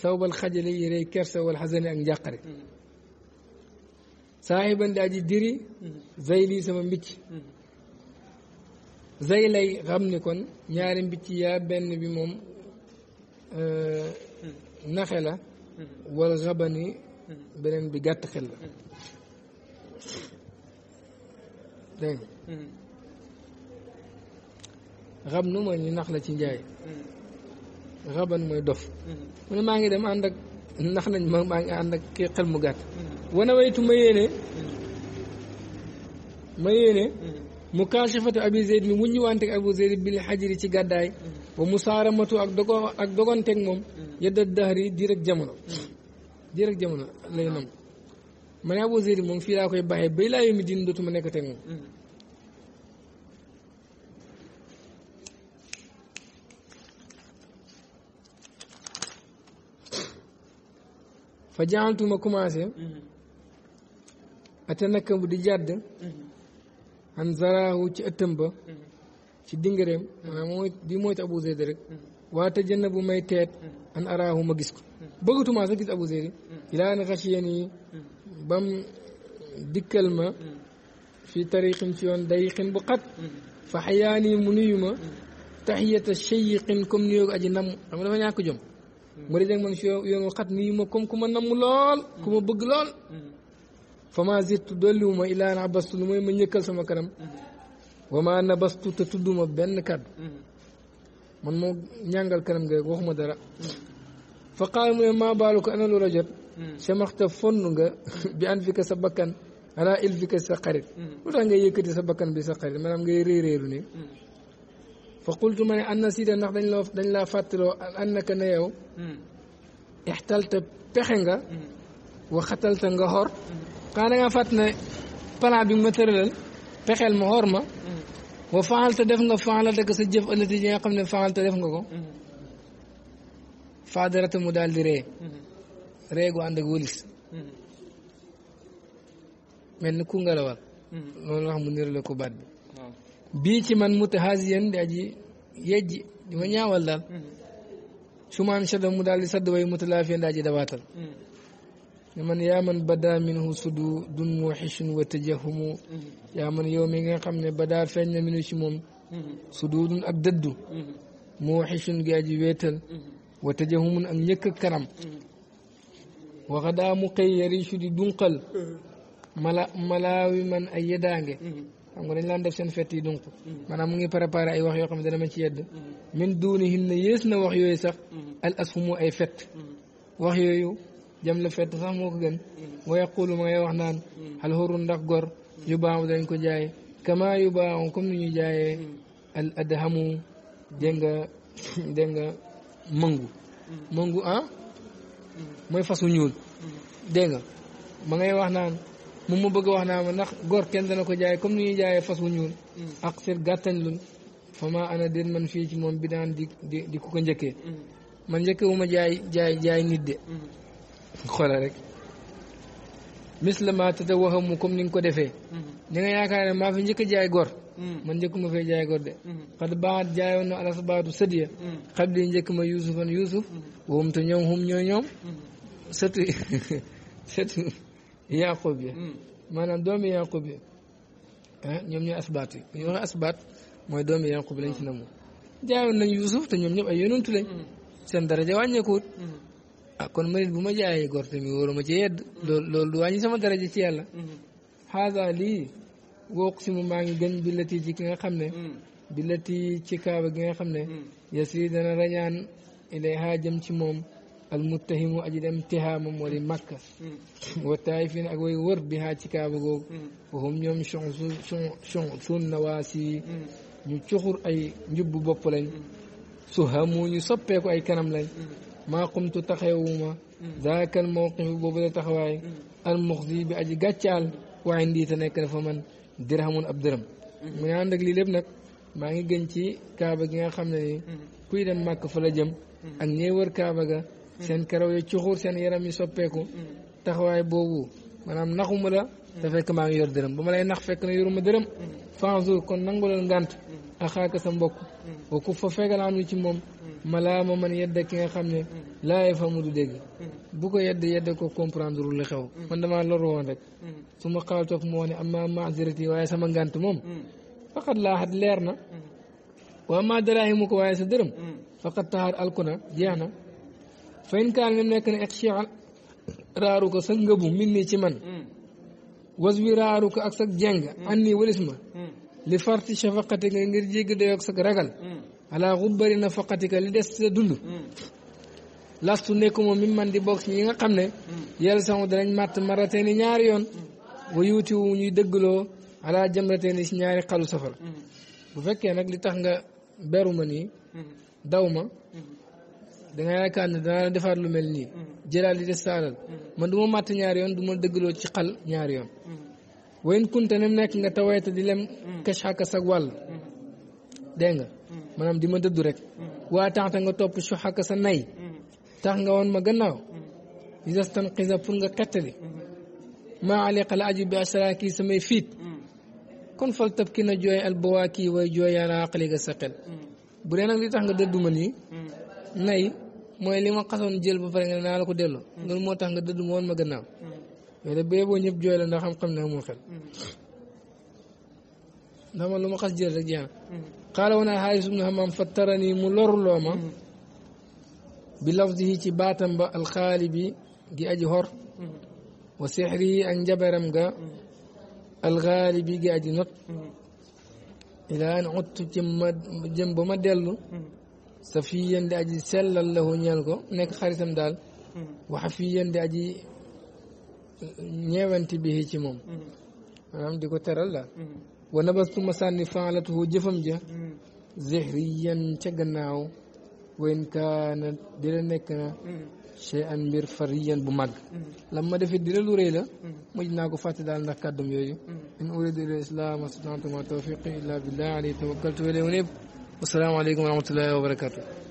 sawbal xajale yérey kersa wala xasani ak njàqare saaxiban daaji diri zay sama mbicc zay lay ni kon ñaari mbicc yaa benn bi moom euh, naxe la wala xabani beneen bi gàtt xel la dégg mm-hmm. nu mooy ñu nax la ci njaay mm-hmm. raban mooy dof mm-hmm. mu ne maa ngi dem ànd ak ndax nañ ma maa ngi ànd ak kii xel mu gàtt mm-hmm. wane waytu ma yéene mm-hmm. ma yéene mu kaasifatu abi mi wuññu wante ak abu zeyd bil xajiri ci gàddaay ba musaaramatu ak dogo ak dogonteeg moom yedda dahri diir ak jamono diir ak jamono lay nam ma ne moom fii laa koy bàyyee bay laa yomi diin dootuma nekkateeg moom فجعل توما كماسي أتنك بدي جاد أنزارا هو تأتمبا تدينغريم مامو بيموت أبو زيدرك واتجنب ما يتات أن أراه مجسك بقول توما زكيت أبو زيد إلى أن غشيني بام دكلمة في تاريخ فيون دقيق بقط فحياني منيما تحية الشيخ كم نيوك أجنم أنا ما نعكو mu dajeg man si yoonu xat nii ma comme ku ma lool ku ma bëgg lool fama zittu dolliwu ma ilaa na bastu lu mooy ma ñëkkal sama kanam wama na bastu te tudduma benn kàddu man moo ñàngal kanam nga waxuma dara fa qaal mu ne maa baalu ko ana lu la jot samaxta nga bi an fi ka sa il fi ka sa xarit lu tax bi sa xarit maanaam ngay réeréeru ni فقلت من أن سيدنا نحن دن لا دن لا فترة أنك نيو احتلت بحنجة وختلت نجهر قال يا فتنة بلا بمترل بحل مهور ما وفعلت دفن وفعلت دك سجف التي جاء قبل فعلت دفن كو فادرة مدال ري ري عند غوليس من نكون غلوات منير لكو bii ci man mutahaziyan di aji yejji di ma mm-hmm. sumaan shada mu daal di sadd way mutalaafiyan di aji dabaatal mm-hmm. yaa man bada minhu sudu dun wa tajahumu mm-hmm. yaa man yow mi nga xam ne bada feeñ na minu ci moom sudu dun gi aji wéetal wa tajahumun ak ñëkk ak kanam waxa daa mu di dunqal malaawi man ay yeddaange xam nga dañ laan def seen fett yi donc maanaam mu ngi préparé ay wax yoo xam ne dana ma ci yedd min duuni hin na yées na wax yooyu sax al asfumu ay fet wax yooyu jam la fett sax moo ko gën wa wax naan al xuru ndax gor yu baax dañ ko jaay kama yu baax comme ni ñu jaayee al nga dégg nga mëngu mooy fasu ñuul ma ngay wax naan moom mu bëgg wax naa ma ndax góor kenn dana ko jaay comme ni ñuy jaayee fas wu ñuul mm. ak sir gàttañ lun fa ma ana den man fii ci moom bi daan di ku ko njëkkee mm. man njëkkee wu ma jaay jaay jaay nit de mm. xoolal rek misla ma tata waxamu comme ni nga ko defee ni nga yaakaar ne maa fi njëkk jaay gor man njëkk ma fee jaay gor de xad baat jaayoon na alasbaatu sët ya xab li njëkk ma yusufan yusuf wom te ñoom hum ñoom sët sët yaqub yi hmm. maanaam doomi yaqub yi ah ñoom ñooy asbaat yi bu ñu waxee asbaat mooy doomi lañ ci hmm. namu jaayoon nañ yusuf te ñoom ñëpp ay yonantu lañ hmm. seen daraja wàññeekuwut ah kon manit bu ma jaayee gorte tamit wóoruma ci yedd loolu loolu du wàññi sama daraja ci yàlla xaasa lii wook si mu maa ngi gën billati ci ki nga xam ne billati ci kaaba gi nga xam ne yasri dana rañaan ilayha jëm ci moom المتهم أجد امتهام مولي مكة وتايفين أقوي ور بها تكابغو وهم يوم شون شون نواسي نتخر أي نجب بقلين سهمو نصبكو أي كنم لين ما قمت تخيوما ذاك الموقف ببدا تخواي المخزي بأجي قتال وعندي تنكر فمن درهم أبدرم من عندك لي لبنك ما نجي جنتي كابغي خمني كويدا مكة فلجم أن يور كابغي Mm. seen karaw yi cuxur seen yaram yi soppeeku mm. taxawaay boobu maanaam naxuma la te fekk maa ngi yor dërëm ba ma lay nax fekk na yoruma dërëm fanjour mm. kon sa mbokk wa ku fa fegal am ci moom malaama man yedda ki nga xam ne laa famu du dégg bu ko yedd yedd ko comprendre li xew man damaa loru woon rek su ma xaal toog moo ne amma maasirati waaye sama ngànt moom faqat laaxat leer na waa ma daraahimu ko waaye sa dërëm faqat taxaar alku na jeex na fayin kaan nem nekk ne ixchi raaru ko sa ngëbu min nii ci man hmm. was wi raaru ko ak sa jeng hmm. an walis ma hmm. li farti shafaqati nga ngir jégg dayoog sa ragal ala xubbari nafaqatika li des sa dund lastu nekk moom mi man di bokk ci ñi nga xam ne yàlla sama danañ màtt marateeni ñaari yoon wa yuuti wu ñuy dëggloo ala jamrateeni si ñaari xalu safara bu fekkee nag li tax nga beru ma nii daw ma da nga yaakaar ne danaa la defaat lu mel nii mm. jëlaat li des saalal mm. man du ma màtt ñaari yoon du ma dëggaloo ci xal ñaari yoon mm. wayn kunte nem nekk nga tawayta di lem kac xàkka sag wàll dégg nga di ma dëddu rek waa taxta nga topp su xàkka sa nay tax nga woon ma gannaaw di des tan xisa pour nga xettali maa aliqala aju bi asara kii samay fiit kon fal tab ki na jooy albawaa kii way jooy yàlla aqali nga sa xel bu dee nag tax nga dëddu nii nay mooy li ma xasoon jël ba pare nga naa la ko delloo. Mm. loolu moo tax nga dëdd ma woon ma gannaaw. Mm. mais nag bu yeboo jooy la ndax xam ne amul xel. Mm. ndax man lu ma xas jël rek jeex na. xaaral Haaris ibnu Hammaam fa mu loruloo ma. bi lafzihi ci baatam ba alxaali bi gi aji xor. wa sixri yi ak ga alxaali bi gi aji not. ilaa an ottu ci ma jëm ma dellu. safiyan di aji sellal lahu ñeel ko nekk xaritam daal mm-hmm. waxa fiyan di aji ñeewanti bi ci moom mm-hmm. maanaam di ko teral daal mm-hmm. wa nabastu ma sànni faalatuhu jëfam ja zihriyan ca gannaaw wayn kaana dina nekk na chey an fariyan bu màgg lam ma defit dina lu rëy la mujj naa ko daal ndax kàddum yooyu in uridu ila islam astata'tu ma tawfiqi illa billah alayhi tawakkaltu wa ilayhi wasalaamaaleykum wa rahmatullahi wa barakatu